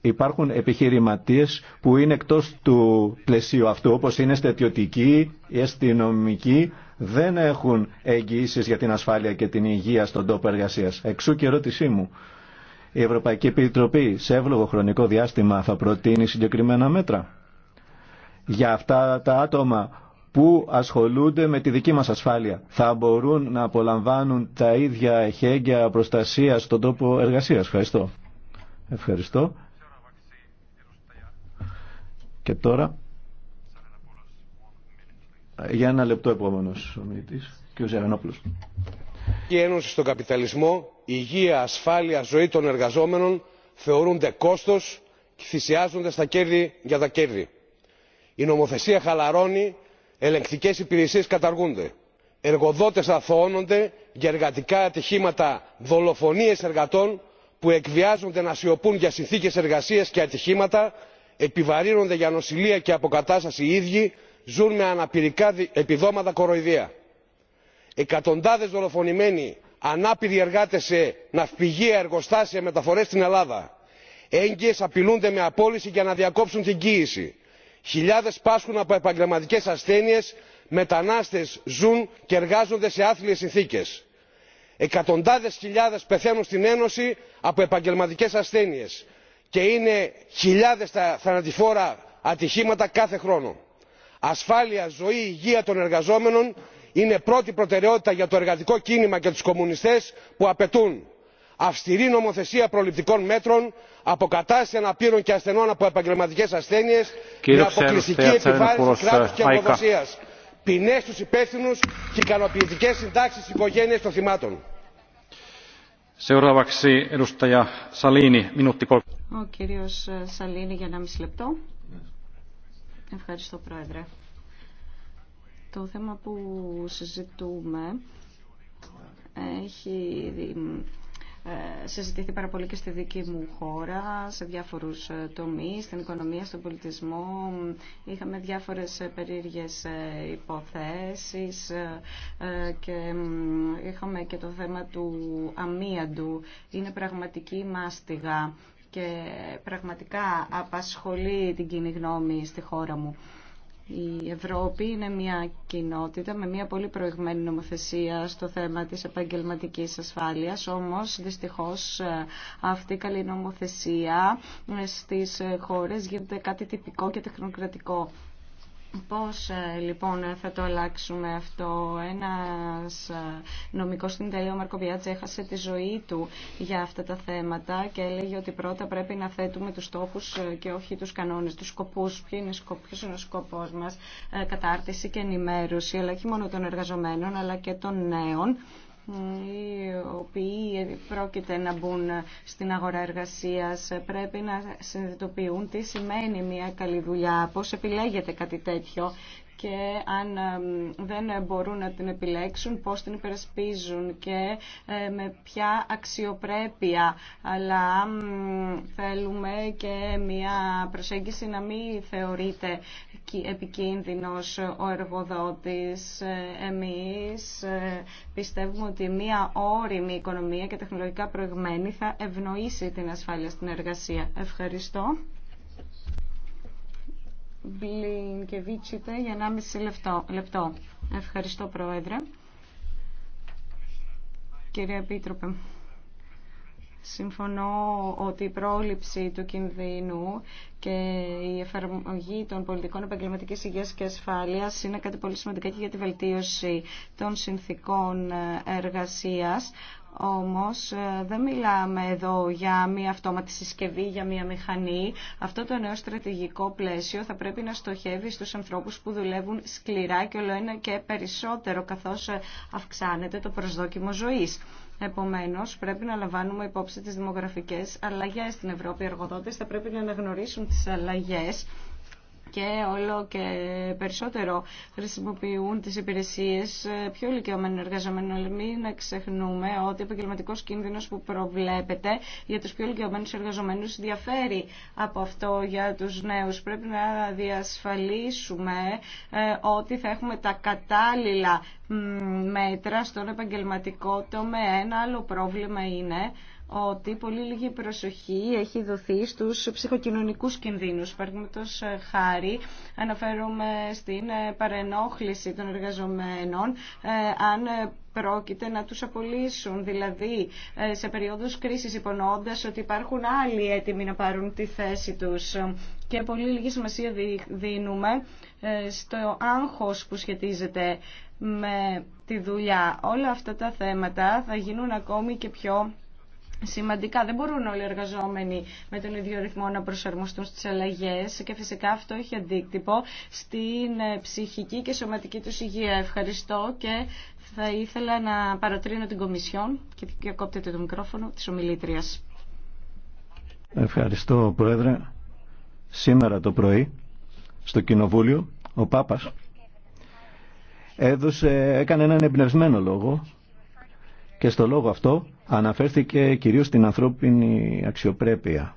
Speaker 5: υπάρχουν επιχειρηματίες που είναι εκτός του πλαισίου αυτού, όπως είναι στετιωτικοί ή αστυνομικοί, δεν έχουν εγγυήσεις για την ασφάλεια και την υγεία στον τόπο εργασίας. Εξού και ερώτησή μου. Η Ευρωπαϊκή Επιτροπή σε εύλογο χρονικό διάστημα θα προτείνει συγκεκριμένα μέτρα για αυτά τα άτομα που ασχολούνται με τη δική μας ασφάλεια. Θα μπορούν να απολαμβάνουν τα ίδια εχέγγυα προστασία στον τόπο εργασίας. Ευχαριστώ. Ευχαριστώ. Και τώρα, για ένα λεπτό επόμενος ο και ο
Speaker 9: ευρωπαϊκή ένωση στον καπιταλισμό υγεία ασφάλεια ζωή των εργαζόμενων θεωρούνται κόστος και θυσιάζονται στα κέρδη για τα κέρδη. η νομοθεσία χαλαρώνει ελεγκτικές υπηρεσίες καταργούνται εργοδότες αθωώνονται για εργατικά ατυχήματα δολοφονίες εργατών που εκβιάζονται να σιωπούν για συνθήκες εργασία και ατυχήματα επιβαρύνονται για νοσηλεία και αποκατάσταση οι ίδιοι ζουν με αναπηρικά επιδόματα κοροϊδία εκατοντάδες δολοφονημένοι ανάπηροι εργάτες σε ναυπηγεία εργοστάσια μεταφορές στην ελλάδα έγκυες απειλούνται με απόλυση για να διακόψουν την κοίηση χιλιάδες πάσχουν από επαγγελματικές ασθένειες μετανάστες ζουν και εργάζονται σε άθλιες συνθήκες εκατοντάδες χιλιάδες πεθαίνουν στην ένωση από επαγγελματικές ασθένειες και είναι χιλιάδες τα θανατηφόρα ατυχήματα κάθε χρόνο. ασφάλεια ζωή υγεία των εργαζόμενων είναι πρώτη προτεραιότητα για το εργατικό κίνημα και τους κομμουνιστές που απαιτούν αυστηρή νομοθεσία προληπτικών μέτρων αποκατάσταση αναπήρων και ασθενών από επαγγελματικές ασθένειες και αποκλειστική επιβάρυνση κράτους και αποδοσία, ποινές
Speaker 4: στους υπεύθυνους και ικανοποιητικές
Speaker 9: συντάξεις στις οικογένειες των θυμάτων.
Speaker 4: Το θέμα που συζητούμε έχει ε, συζητηθεί πάρα πολύ και στη δική μου χώρα, σε διάφορους ε, τομείς, στην οικονομία, στον πολιτισμό. Είχαμε διάφορες ε, περίεργες υποθέσεις και είχαμε και το θέμα του αμίαντου. Είναι πραγματική μάστιγα και πραγματικά απασχολεί την κοινή γνώμη στη χώρα μου. Η Ευρώπη είναι μια κοινότητα με μια πολύ προηγμένη νομοθεσία στο θέμα της επαγγελματικής ασφάλειας, όμως δυστυχώς ε, αυτή η καλή νομοθεσία ε, στις χώρες γίνεται κάτι τυπικό και τεχνοκρατικό. Πώς ε, λοιπόν θα το αλλάξουμε αυτό. Ένας ε, νομικός στην Ιταλία, ο Μαρκο έχασε τη ζωή του για αυτά τα θέματα και έλεγε ότι πρώτα πρέπει να θέτουμε τους στόχους ε, και όχι τους κανόνες, τους σκοπούς. Ποιος είναι, ο σκοπός μας, κατάρτιση και ενημέρωση, αλλά όχι μόνο των εργαζομένων, αλλά και των νέων οι οποίοι πρόκειται να μπουν στην αγορά εργασίας πρέπει να συνειδητοποιούν τι σημαίνει μια καλή δουλειά, πώς επιλέγεται κάτι τέτοιο και αν δεν μπορούν να την επιλέξουν, πώς την υπερασπίζουν και ε, με ποια αξιοπρέπεια. Αλλά θέλουμε και μια προσέγγιση να μην θεωρείται επικίνδυνος ο εργοδότης. Ε, εμείς ε, πιστεύουμε ότι μια όριμη οικονομία και τεχνολογικά προηγμένη θα ευνοήσει την ασφάλεια στην εργασία. Ευχαριστώ. Μπλινκεβίτσιτε για 1,5 λεπτό. Ευχαριστώ Πρόεδρε. Κύριε Επίτροπε. Συμφωνώ ότι η πρόληψη του κινδύνου και η εφαρμογή των πολιτικών επαγγελματική υγείας και ασφάλεια είναι κάτι πολύ σημαντικό και για τη βελτίωση των συνθήκων εργασίας. Όμως ε, δεν μιλάμε εδώ για μία αυτόματη συσκευή, για μία μηχανή. Αυτό το νέο στρατηγικό πλαίσιο θα πρέπει να στοχεύει στους ανθρώπους που δουλεύουν σκληρά και όλο ένα και περισσότερο καθώς ε, αυξάνεται το προσδόκιμο ζωής. Επομένως, πρέπει να λαμβάνουμε υπόψη τις δημογραφικές αλλαγές στην Ευρώπη. Οι εργοδότες θα πρέπει να αναγνωρίσουν τις αλλαγές και όλο και περισσότερο χρησιμοποιούν τις υπηρεσίες ε, πιο ηλικιωμένων εργαζομένων. μην ξεχνούμε ότι ο επαγγελματικό κίνδυνος που προβλέπεται για τους πιο ηλικιωμένους εργαζομένους διαφέρει από αυτό για τους νέους. Πρέπει να διασφαλίσουμε ε, ότι θα έχουμε τα κατάλληλα μέτρα στον επαγγελματικό τομέα. Ένα άλλο πρόβλημα είναι ότι πολύ λίγη προσοχή έχει δοθεί στους ψυχοκοινωνικούς κινδύνους. Παραδείγματος ε, χάρη αναφέρομαι στην ε, παρενόχληση των εργαζομένων ε, αν πρόκειται να τους απολύσουν, δηλαδή σε περίοδους κρίσης υπονοώντας ότι υπάρχουν άλλοι έτοιμοι να πάρουν τη θέση τους. Και πολύ λίγη σημασία δίνουμε στο άγχος που σχετίζεται με τη δουλειά. Όλα αυτά τα θέματα θα γίνουν ακόμη και πιο σημαντικά. Δεν μπορούν όλοι οι εργαζόμενοι με τον ίδιο ρυθμό να προσαρμοστούν στις αλλαγές και φυσικά αυτό έχει αντίκτυπο στην ε, ψυχική και σωματική τους υγεία. Ευχαριστώ και θα ήθελα να παρατρύνω την Κομισιόν και διακόπτετε το μικρόφωνο της ομιλήτριας.
Speaker 5: Ευχαριστώ Πρόεδρε. Σήμερα το πρωί στο Κοινοβούλιο ο Πάπας έκανε έναν εμπνευσμένο λόγο και στο λόγο αυτό αναφέρθηκε κυρίως στην ανθρώπινη αξιοπρέπεια.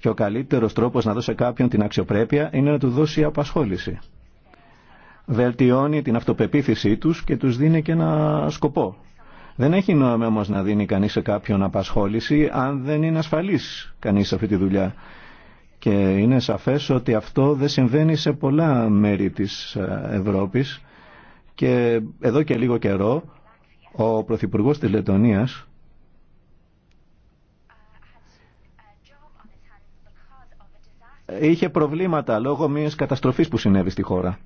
Speaker 5: Και ο καλύτερος τρόπος να δώσει κάποιον την αξιοπρέπεια είναι να του δώσει απασχόληση. Βελτιώνει την αυτοπεποίθησή τους και τους δίνει και ένα σκοπό. Δεν έχει νόημα όμως να δίνει κανείς σε κάποιον απασχόληση αν δεν είναι ασφαλής κανείς σε αυτή τη δουλειά. Και είναι σαφές ότι αυτό δεν συμβαίνει σε πολλά μέρη της ε, Ευρώπης και εδώ και λίγο καιρό ο Πρωθυπουργό της Λετωνίας είχε προβλήματα λόγω μιας καταστροφής που συνέβη στη χώρα.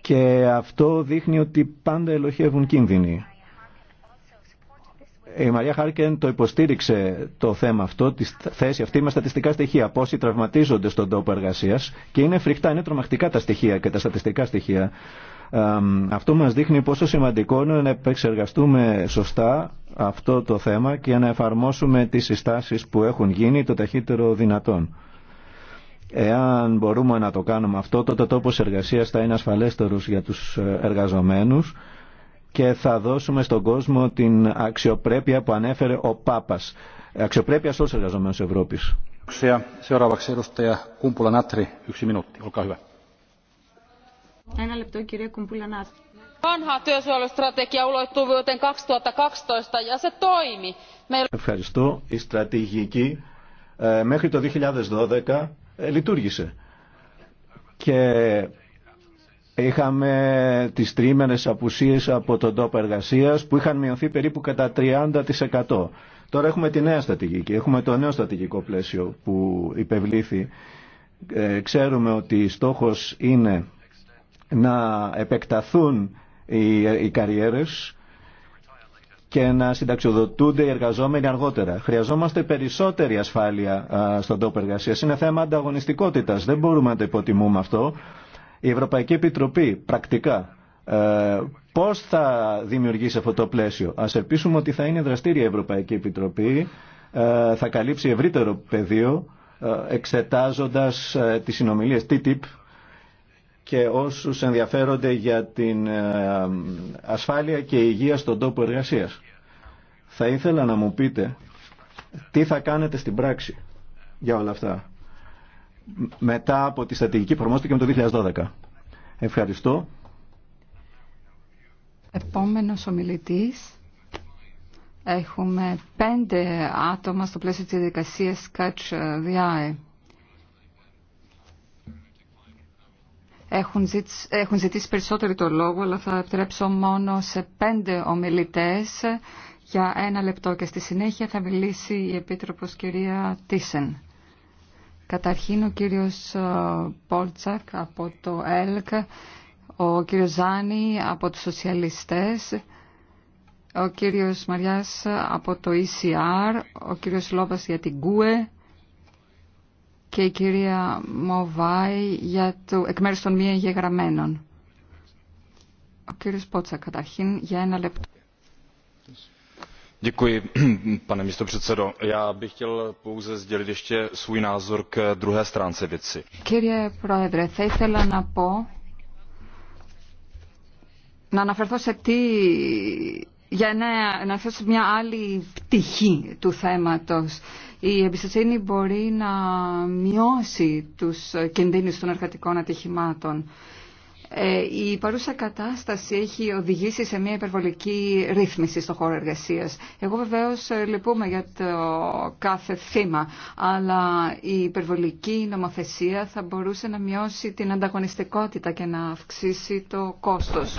Speaker 5: Και αυτό δείχνει ότι πάντα ελοχεύουν κίνδυνοι. Η Μαρία Χάρκεν το υποστήριξε το θέμα αυτό, τη θέση αυτή με στατιστικά στοιχεία. Πόσοι τραυματίζονται στον τόπο εργασία και είναι φρικτά, είναι τρομακτικά τα στοιχεία και τα στατιστικά στοιχεία. Αυτό μας δείχνει πόσο σημαντικό είναι να επεξεργαστούμε σωστά αυτό το θέμα και να εφαρμόσουμε τις συστάσεις που έχουν γίνει το ταχύτερο δυνατόν. Εάν μπορούμε να το κάνουμε αυτό, τότε το τόπος εργασίας θα είναι ασφαλέστερος για τους ε, εργαζομένους και θα δώσουμε στον κόσμο την αξιοπρέπεια που ανέφερε ο Πάπας. Αξιοπρέπεια σε όλους τους εργαζομένους Ευρώπης.
Speaker 4: Ένα
Speaker 3: λεπτό, κυρία Κουμπούλα
Speaker 5: Ευχαριστώ. Η στρατηγική ε, μέχρι το 2012 ε, λειτουργήσε. Και είχαμε τις τρίμενες απουσίες από τον τόπο εργασία που είχαν μειωθεί περίπου κατά 30%. Τώρα έχουμε τη νέα στρατηγική, έχουμε το νέο στρατηγικό πλαίσιο που υπευλήθη. Ε, ξέρουμε ότι στόχος είναι να επεκταθούν οι, οι καριέρες και να συνταξιοδοτούνται οι εργαζόμενοι αργότερα. Χρειαζόμαστε περισσότερη ασφάλεια στον τόπο εργασία. Είναι θέμα ανταγωνιστικότητα. Δεν μπορούμε να το υποτιμούμε αυτό. Η Ευρωπαϊκή Επιτροπή πρακτικά ε, πώ θα δημιουργήσει αυτό το πλαίσιο. Α ελπίσουμε ότι θα είναι δραστήρια η Ευρωπαϊκή Επιτροπή, ε, θα καλύψει ευρύτερο πεδίο ε, εξετάζοντας ε, τις συνομιλίες TTIP και όσους ενδιαφέρονται για την ε, ασφάλεια και υγεία στον τόπο εργασίας. Θα ήθελα να μου πείτε τι θα κάνετε στην πράξη για όλα αυτά μετά από τη στρατηγική και με το 2012. Ευχαριστώ.
Speaker 7: Επόμενος ομιλητής. Έχουμε πέντε άτομα στο πλαίσιο της διαδικασίας Catch the Eye. έχουν, ζητήσει, έχουν ζητήσει περισσότερο το λόγο, αλλά θα επιτρέψω μόνο σε πέντε ομιλητές για ένα λεπτό και στη συνέχεια θα μιλήσει η Επίτροπος κυρία Τίσεν. Καταρχήν ο κύριος ε, Πόλτσακ από το ΕΛΚ, ο κύριος Ζάνη από τους Σοσιαλιστές, ο κύριος Μαριάς από το ECR, ο κύριος Λόβας για την ΚΟΕ, και η κυρία Μοβάη για το εκ μέρους των μη εγγεγραμμένων. Ο κύριος Πότσα καταρχήν για ένα λεπτό. Κύριε Πρόεδρε, θα ήθελα να πω να αναφερθώ σε τι για να, να θέσω μια άλλη πτυχή του θέματος. Η εμπιστοσύνη μπορεί να μειώσει τους κινδύνους των εργατικών ατυχημάτων. Ε, η παρούσα κατάσταση έχει οδηγήσει σε μια υπερβολική ρύθμιση στον χώρο εργασίας. Εγώ βεβαίως ε, λυπούμαι για το κάθε θύμα, αλλά η υπερβολική νομοθεσία θα μπορούσε να μειώσει την ανταγωνιστικότητα και να αυξήσει το κόστος.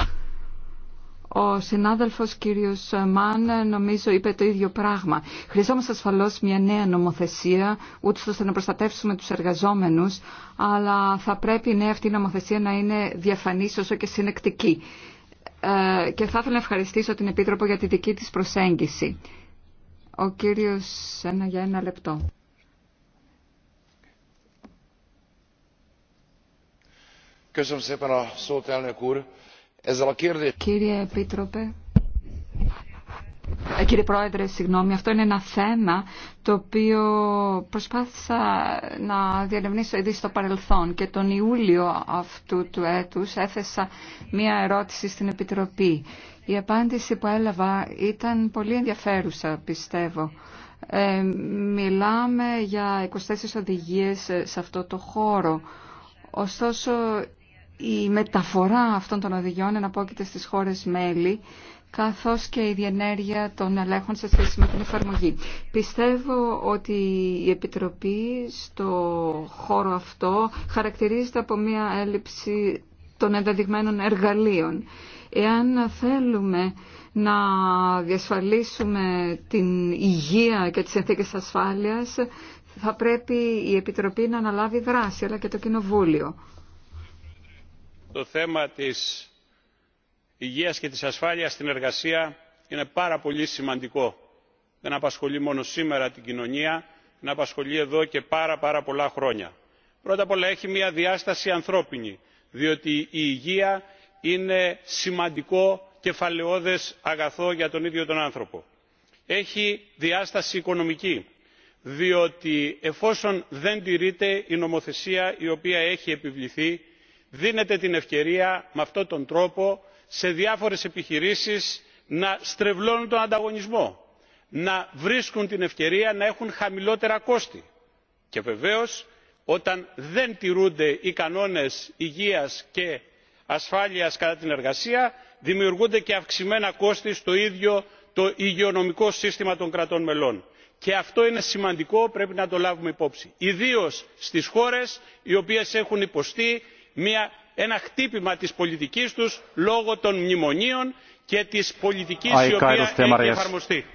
Speaker 7: Ο συνάδελφος κύριος Μάν νομίζω είπε το ίδιο πράγμα. Χρειαζόμαστε ασφαλώς μια νέα νομοθεσία, ούτω ώστε να προστατεύσουμε τους εργαζόμενους, αλλά θα πρέπει η νέα αυτή νομοθεσία να είναι διαφανής όσο και συνεκτική. Ε, και θα ήθελα να ευχαριστήσω την Επίτροπο για τη δική της προσέγγιση. Ο κύριος ένα για ένα λεπτό. Κύριε Επίτροπε, ε, κύριε Πρόεδρε, συγγνώμη, αυτό είναι ένα θέμα το οποίο προσπάθησα να διανευνήσω ήδη στο παρελθόν και τον Ιούλιο αυτού του έτους έθεσα μία ερώτηση στην Επιτροπή. Η απάντηση που έλαβα ήταν πολύ ενδιαφέρουσα, πιστεύω. Ε, μιλάμε για 24 οδηγίες σε αυτό το χώρο. Ωστόσο, η μεταφορά αυτών των οδηγιών εναπόκειται στις χώρες μέλη καθώς και η διενέργεια των ελέγχων σε σχέση με την εφαρμογή. Πιστεύω ότι η Επιτροπή στο χώρο αυτό χαρακτηρίζεται από μια έλλειψη των ενδεδειγμένων εργαλείων. Εάν θέλουμε να διασφαλίσουμε την υγεία και τις συνθήκες ασφάλειας, θα πρέπει η Επιτροπή να αναλάβει δράση, αλλά και το Κοινοβούλιο
Speaker 8: το θέμα της υγείας και της ασφάλειας στην εργασία είναι πάρα πολύ σημαντικό. Δεν απασχολεί μόνο σήμερα την κοινωνία, να απασχολεί εδώ και πάρα, πάρα πολλά χρόνια. Πρώτα απ' όλα έχει μια διάσταση ανθρώπινη, διότι η υγεία είναι σημαντικό κεφαλαιόδες αγαθό για τον ίδιο τον άνθρωπο. Έχει διάσταση οικονομική, διότι εφόσον δεν τηρείται η νομοθεσία η οποία έχει επιβληθεί δίνεται την ευκαιρία με αυτόν τον τρόπο σε διάφορες επιχειρήσεις να στρεβλώνουν τον ανταγωνισμό να βρίσκουν την ευκαιρία να έχουν χαμηλότερα κόστη και βεβαίως όταν δεν τηρούνται οι κανόνες υγείας και ασφάλειας κατά την εργασία δημιουργούνται και αυξημένα κόστη στο ίδιο το υγειονομικό σύστημα των κρατών μελών. και αυτό είναι σημαντικό πρέπει να το λάβουμε υπόψη ιδίως στις χώρες οι οποίες έχουν υποστεί ένα χτύπημα της πολιτικής τους λόγω των μνημονίων και της πολιτικής η οποία έχει εφαρμοστεί.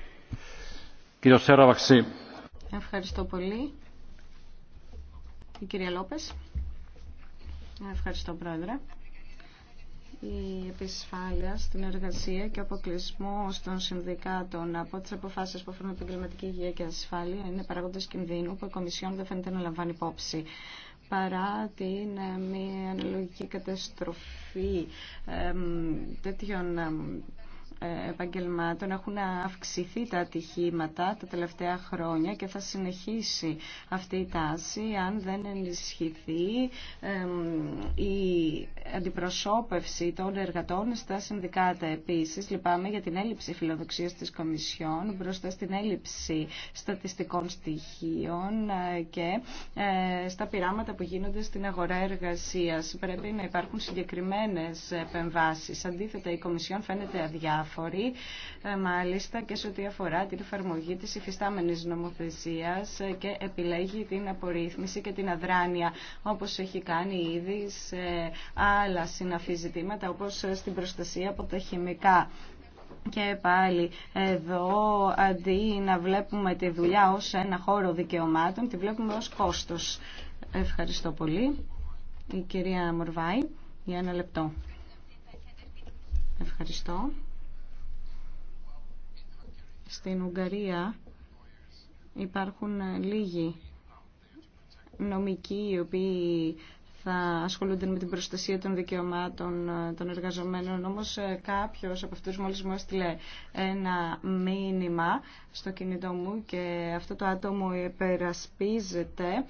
Speaker 4: Ευχαριστώ πολύ. Η κυρία Λόπες. Ευχαριστώ, Πρόεδρε. Η επισφάλεια στην εργασία και ο αποκλεισμό των συνδικάτων από τι αποφάσει που αφορούν την κλιματική υγεία και ασφάλεια είναι παράγοντε κινδύνου που η Κομισιόν δεν φαίνεται να λαμβάνει υπόψη παρά την ε, μια αναλογική καταστροφή ε, τέτοιων ε, επαγγελμάτων έχουν αυξηθεί τα ατυχήματα τα τελευταία χρόνια και θα συνεχίσει αυτή η τάση αν δεν ενισχυθεί η αντιπροσώπευση των εργατών στα συνδικάτα. Επίσης, λυπάμαι για την έλλειψη φιλοδοξίας της Κομισιόν μπροστά στην έλλειψη στατιστικών στοιχείων ε, και ε, στα πειράματα που γίνονται στην αγορά εργασίας. Πρέπει να υπάρχουν συγκεκριμένες επεμβάσεις. Αντίθετα, η Κομισιόν φαίνεται αδιάφορη ε, μάλιστα και σε ό,τι αφορά την εφαρμογή της υφιστάμενης νομοθεσίας ε, και επιλέγει την απορρίθμιση και την αδράνεια, όπως έχει κάνει ήδη σε άλλα συναφή ζητήματα, όπως ε, στην προστασία από τα χημικά. Και πάλι εδώ αντί να βλέπουμε τη δουλειά ως ένα χώρο δικαιωμάτων, τη βλέπουμε ως κόστος. Ευχαριστώ πολύ. Η κυρία Μορβάη, για ένα λεπτό. Ευχαριστώ. Στην Ουγγαρία υπάρχουν ε, λίγοι νομικοί οι οποίοι θα ασχολούνται με την προστασία των δικαιωμάτων ε, των εργαζομένων. Όμως ε, κάποιος από αυτούς μόλις μου έστειλε ένα μήνυμα στο κινητό μου και αυτό το άτομο υπερασπίζεται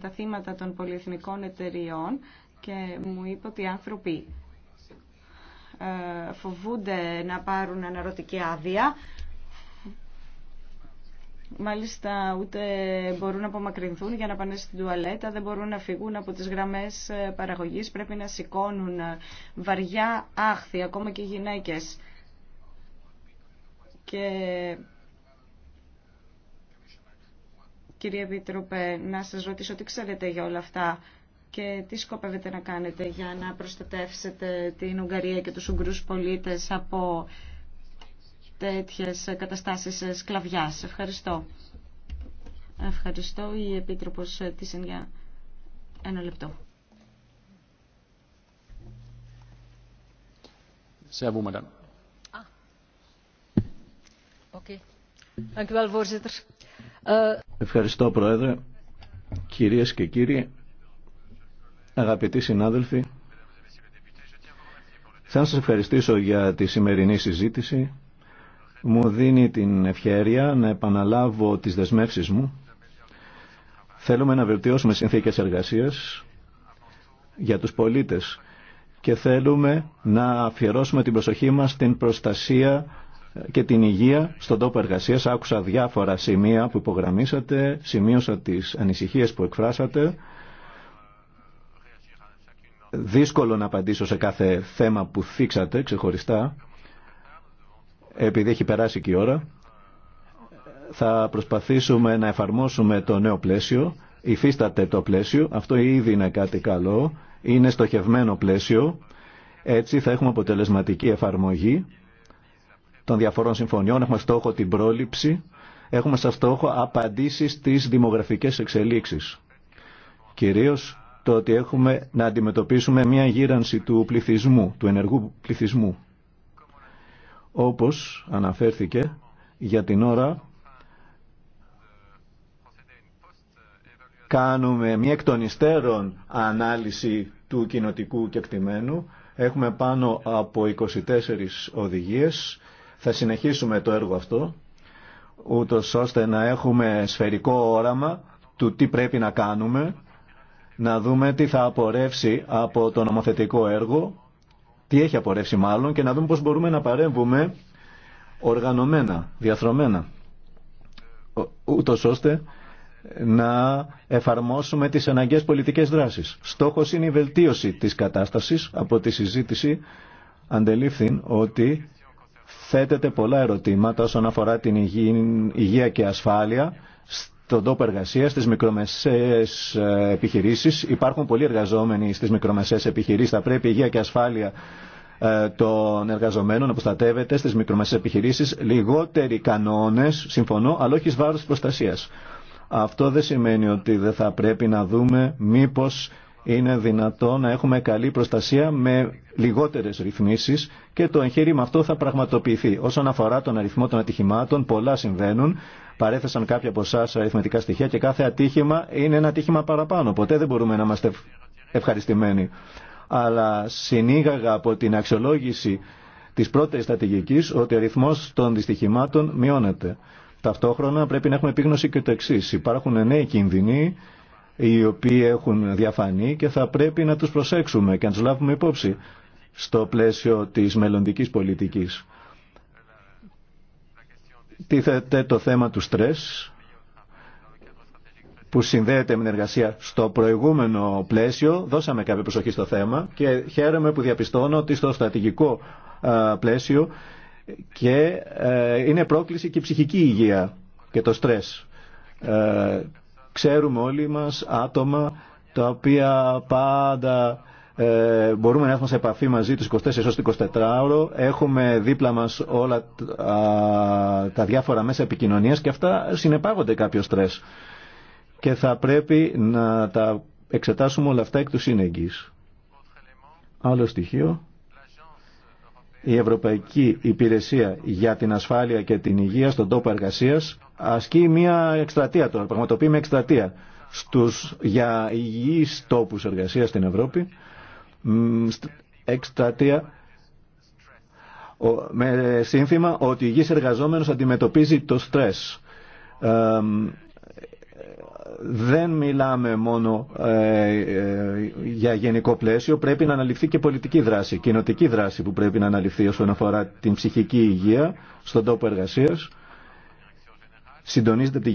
Speaker 4: τα θύματα των πολυεθνικών εταιριών και μου είπε ότι οι άνθρωποι φοβούνται να πάρουν αναρωτική άδεια Μάλιστα ούτε μπορούν να απομακρυνθούν για να πάνε στην τουαλέτα, δεν μπορούν να φύγουν από τις γραμμές ε, παραγωγής, πρέπει να σηκώνουν ε, βαριά άχθη, ακόμα και οι γυναίκες. Και κύριε Επίτροπε, να σας ρωτήσω τι ξέρετε για όλα αυτά και τι σκοπεύετε να κάνετε για να προστατεύσετε την Ουγγαρία και τους Ουγγρούς πολίτες από τέτοιες καταστάσεις σκλαβιάς. Ευχαριστώ. Ευχαριστώ. Η Επίτροπος της για ένα λεπτό.
Speaker 7: Ε,
Speaker 5: Ευχαριστώ, Πρόεδρε. Κυρίες και κύριοι, αγαπητοί συνάδελφοι, θα σας ευχαριστήσω για τη σημερινή συζήτηση μου δίνει την ευχαίρεια να επαναλάβω τις δεσμεύσεις μου. Θέλουμε να βελτιώσουμε συνθήκες εργασίας για τους πολίτες και θέλουμε να αφιερώσουμε την προσοχή μας στην προστασία και την υγεία στον τόπο εργασίας. Άκουσα διάφορα σημεία που υπογραμμίσατε, σημείωσα τις ανησυχίες που εκφράσατε. Δύσκολο να απαντήσω σε κάθε θέμα που θίξατε ξεχωριστά επειδή έχει περάσει και η ώρα, θα προσπαθήσουμε να εφαρμόσουμε το νέο πλαίσιο. Υφίσταται το πλαίσιο, αυτό ήδη είναι κάτι καλό, είναι στοχευμένο πλαίσιο. Έτσι θα έχουμε αποτελεσματική εφαρμογή των διαφορών συμφωνιών, έχουμε στόχο την πρόληψη, έχουμε σαν στόχο απαντήσεις στις δημογραφικές εξελίξεις. Κυρίως το ότι έχουμε να αντιμετωπίσουμε μια γύρανση του πληθυσμού, του ενεργού πληθυσμού. Όπως αναφέρθηκε για την ώρα κάνουμε μια εκ των υστέρων ανάλυση του κοινοτικού κεκτημένου. Έχουμε πάνω από 24 οδηγίες. Θα συνεχίσουμε το έργο αυτό, ούτω ώστε να έχουμε σφαιρικό όραμα του τι πρέπει να κάνουμε, να δούμε τι θα απορρεύσει από το νομοθετικό έργο τι έχει απορρεύσει μάλλον και να δούμε πώς μπορούμε να παρέμβουμε οργανωμένα, διαθρωμένα, ούτω ώστε να εφαρμόσουμε τις αναγκαίες πολιτικές δράσεις. Στόχος είναι η βελτίωση της κατάστασης από τη συζήτηση αντελήφθην ότι θέτεται πολλά ερωτήματα όσον αφορά την υγεία και ασφάλεια τον τόπο εργασία, στι μικρομεσαίε επιχειρήσει. Υπάρχουν πολλοί εργαζόμενοι στι μικρομεσαίε επιχειρήσει. Θα πρέπει η υγεία και ασφάλεια ε, των εργαζομένων να προστατεύεται στι μικρομεσαίε επιχειρήσει. Λιγότεροι κανόνε, συμφωνώ, αλλά όχι ει βάρο προστασία. Αυτό δεν σημαίνει ότι δεν θα πρέπει να δούμε μήπω είναι δυνατό να έχουμε καλή προστασία με λιγότερε ρυθμίσει και το εγχείρημα αυτό θα πραγματοποιηθεί. Όσον αφορά τον αριθμό των ατυχημάτων, πολλά συμβαίνουν παρέθεσαν κάποια από εσά αριθμητικά στοιχεία και κάθε ατύχημα είναι ένα ατύχημα παραπάνω. Ποτέ δεν μπορούμε να είμαστε ευχαριστημένοι. Αλλά συνήγαγα από την αξιολόγηση τη πρώτη στρατηγική ότι ο αριθμό των δυστυχημάτων μειώνεται. Ταυτόχρονα πρέπει να έχουμε επίγνωση και το εξή. Υπάρχουν νέοι κίνδυνοι οι οποίοι έχουν διαφανεί και θα πρέπει να τους προσέξουμε και να τους λάβουμε υπόψη στο πλαίσιο της μελλοντικής πολιτικής τίθεται το θέμα του στρες που συνδέεται με την εργασία. Στο προηγούμενο πλαίσιο δώσαμε κάποια προσοχή στο θέμα και χαίρομαι που διαπιστώνω ότι στο στρατηγικό πλαίσιο και ε, είναι πρόκληση και η ψυχική υγεία και το στρες. Ε, ξέρουμε όλοι μας άτομα τα οποία πάντα ε, μπορούμε να έχουμε σε επαφή μαζί τους 24 έως 24 ώρο. Έχουμε δίπλα μας όλα τα διάφορα μέσα επικοινωνίας και αυτά συνεπάγονται κάποιο στρες. Και θα πρέπει να τα εξετάσουμε όλα αυτά εκ του σύνεγγυς. Άλλο στοιχείο. Η Ευρωπαϊκή Υπηρεσία για την Ασφάλεια και την Υγεία στον τόπο εργασία ασκεί μια εκστρατεία τώρα, πραγματοποιεί μια εκστρατεία στους, για υγιείς τόπους εργασίας στην Ευρώπη εκστρατεία με σύνθημα ότι η υγιής εργαζόμενος αντιμετωπίζει το στρες. Ε, δεν μιλάμε μόνο ε, ε, για γενικό πλαίσιο, πρέπει να αναλυθεί και πολιτική δράση, κοινοτική δράση που πρέπει να αναλυθεί όσον αφορά την ψυχική υγεία στον τόπο εργασίας. Συντονίζεται τη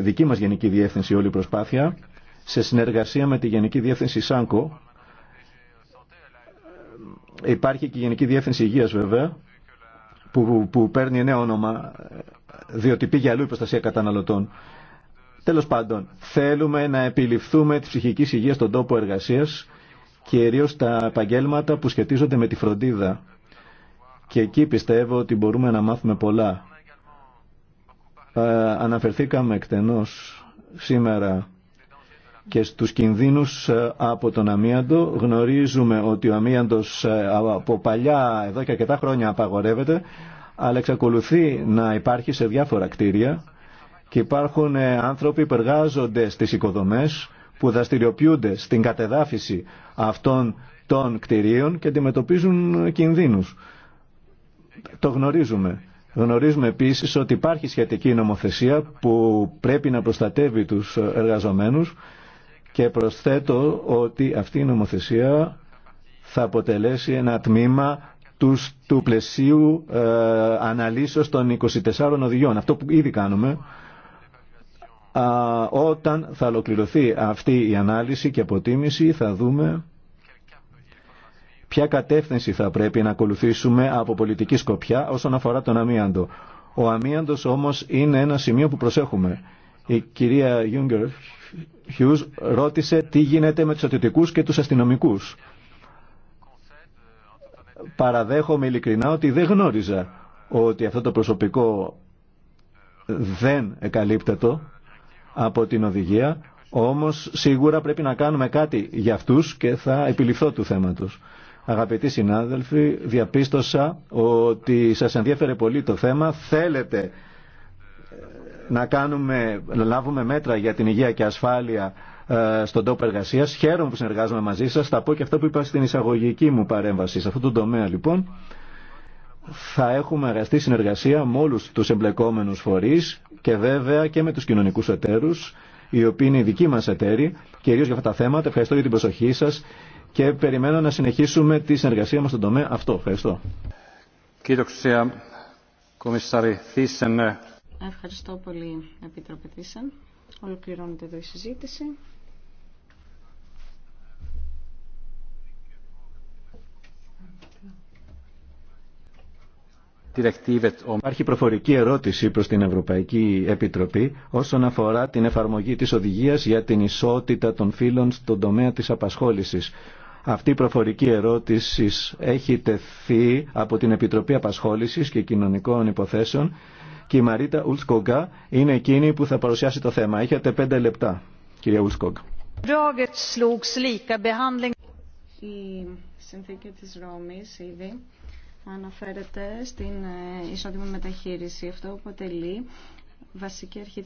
Speaker 5: δική μας Γενική Διεύθυνση όλη η προσπάθεια σε συνεργασία με τη Γενική Διεύθυνση ΣΑΝΚΟ Υπάρχει και η Γενική Διεύθυνση Υγείας βέβαια, που, που παίρνει νέο όνομα, διότι πήγε αλλού η προστασία καταναλωτών. Τέλος πάντων, θέλουμε να επιληφθούμε τη ψυχική υγεία στον τόπο εργασίας, κυρίω τα επαγγέλματα που σχετίζονται με τη φροντίδα. Και εκεί πιστεύω ότι μπορούμε να μάθουμε πολλά. Ε, αναφερθήκαμε εκτενώς σήμερα και στους κινδύνους ε, από τον αμίαντο. Γνωρίζουμε ότι ο αμίαντος ε, από παλιά, εδώ και αρκετά χρόνια απαγορεύεται, αλλά εξακολουθεί να υπάρχει σε διάφορα κτίρια και υπάρχουν ε, άνθρωποι που εργάζονται στις οικοδομές, που δραστηριοποιούνται στην κατεδάφιση αυτών των κτηρίων και αντιμετωπίζουν κινδύνους. Το γνωρίζουμε. Γνωρίζουμε επίσης ότι υπάρχει σχετική νομοθεσία που πρέπει να προστατεύει τους εργαζομένους και προσθέτω ότι αυτή η νομοθεσία θα αποτελέσει ένα τμήμα του, του πλαισίου ε, των 24 οδηγιών. Αυτό που ήδη κάνουμε, όταν θα ολοκληρωθεί αυτή η ανάλυση και αποτίμηση θα δούμε ποια κατεύθυνση θα πρέπει να ακολουθήσουμε από πολιτική σκοπιά όσον αφορά τον αμίαντο. Ο αμίαντος όμως είναι ένα σημείο που προσέχουμε η κυρία Γιούγκερ Χιούς ρώτησε τι γίνεται με τους αθλητικούς και τους αστυνομικούς. Παραδέχομαι ειλικρινά ότι δεν γνώριζα ότι αυτό το προσωπικό δεν εκαλύπτετο από την οδηγία, όμως σίγουρα πρέπει να κάνουμε κάτι για αυτούς και θα επιληφθώ του θέματος. Αγαπητοί συνάδελφοι, διαπίστωσα ότι σας ενδιαφέρε πολύ το θέμα. Θέλετε να κάνουμε, λάβουμε μέτρα για την υγεία και ασφάλεια ε, στον τόπο εργασία. Χαίρομαι που συνεργάζομαι μαζί σα. Θα πω και αυτό που είπα στην εισαγωγική μου παρέμβαση. Σε αυτόν τον τομέα λοιπόν θα έχουμε αγαστή συνεργασία με όλου του εμπλεκόμενου φορεί και βέβαια και με του κοινωνικού εταίρου, οι οποίοι είναι οι δικοί μα εταίροι, κυρίω για αυτά τα θέματα. Ευχαριστώ για την προσοχή σα και περιμένω να συνεχίσουμε τη συνεργασία μα στον τομέα αυτό. Ευχαριστώ.
Speaker 4: Ευχαριστώ πολύ, Επίτροπε Τίσεν. Ολοκληρώνεται εδώ η συζήτηση.
Speaker 5: Υπάρχει προφορική ερώτηση προς την Ευρωπαϊκή Επιτροπή όσον αφορά την εφαρμογή της οδηγίας για την ισότητα των φύλων στον τομέα της απασχόλησης. Αυτή η προφορική ερώτηση έχει τεθεί από την Επιτροπή Απασχόλησης και Κοινωνικών Υποθέσεων και η Μαρίτα Ουλσκογκα είναι εκείνη που θα παρουσιάσει το θέμα. Έχετε πέντε λεπτά, κυρία Ουλσκογκα.
Speaker 4: Η συνθήκη της Ρώμης ήδη αναφέρεται στην ε, ισότιμη μεταχείριση. Αυτό αποτελεί βασική αρχή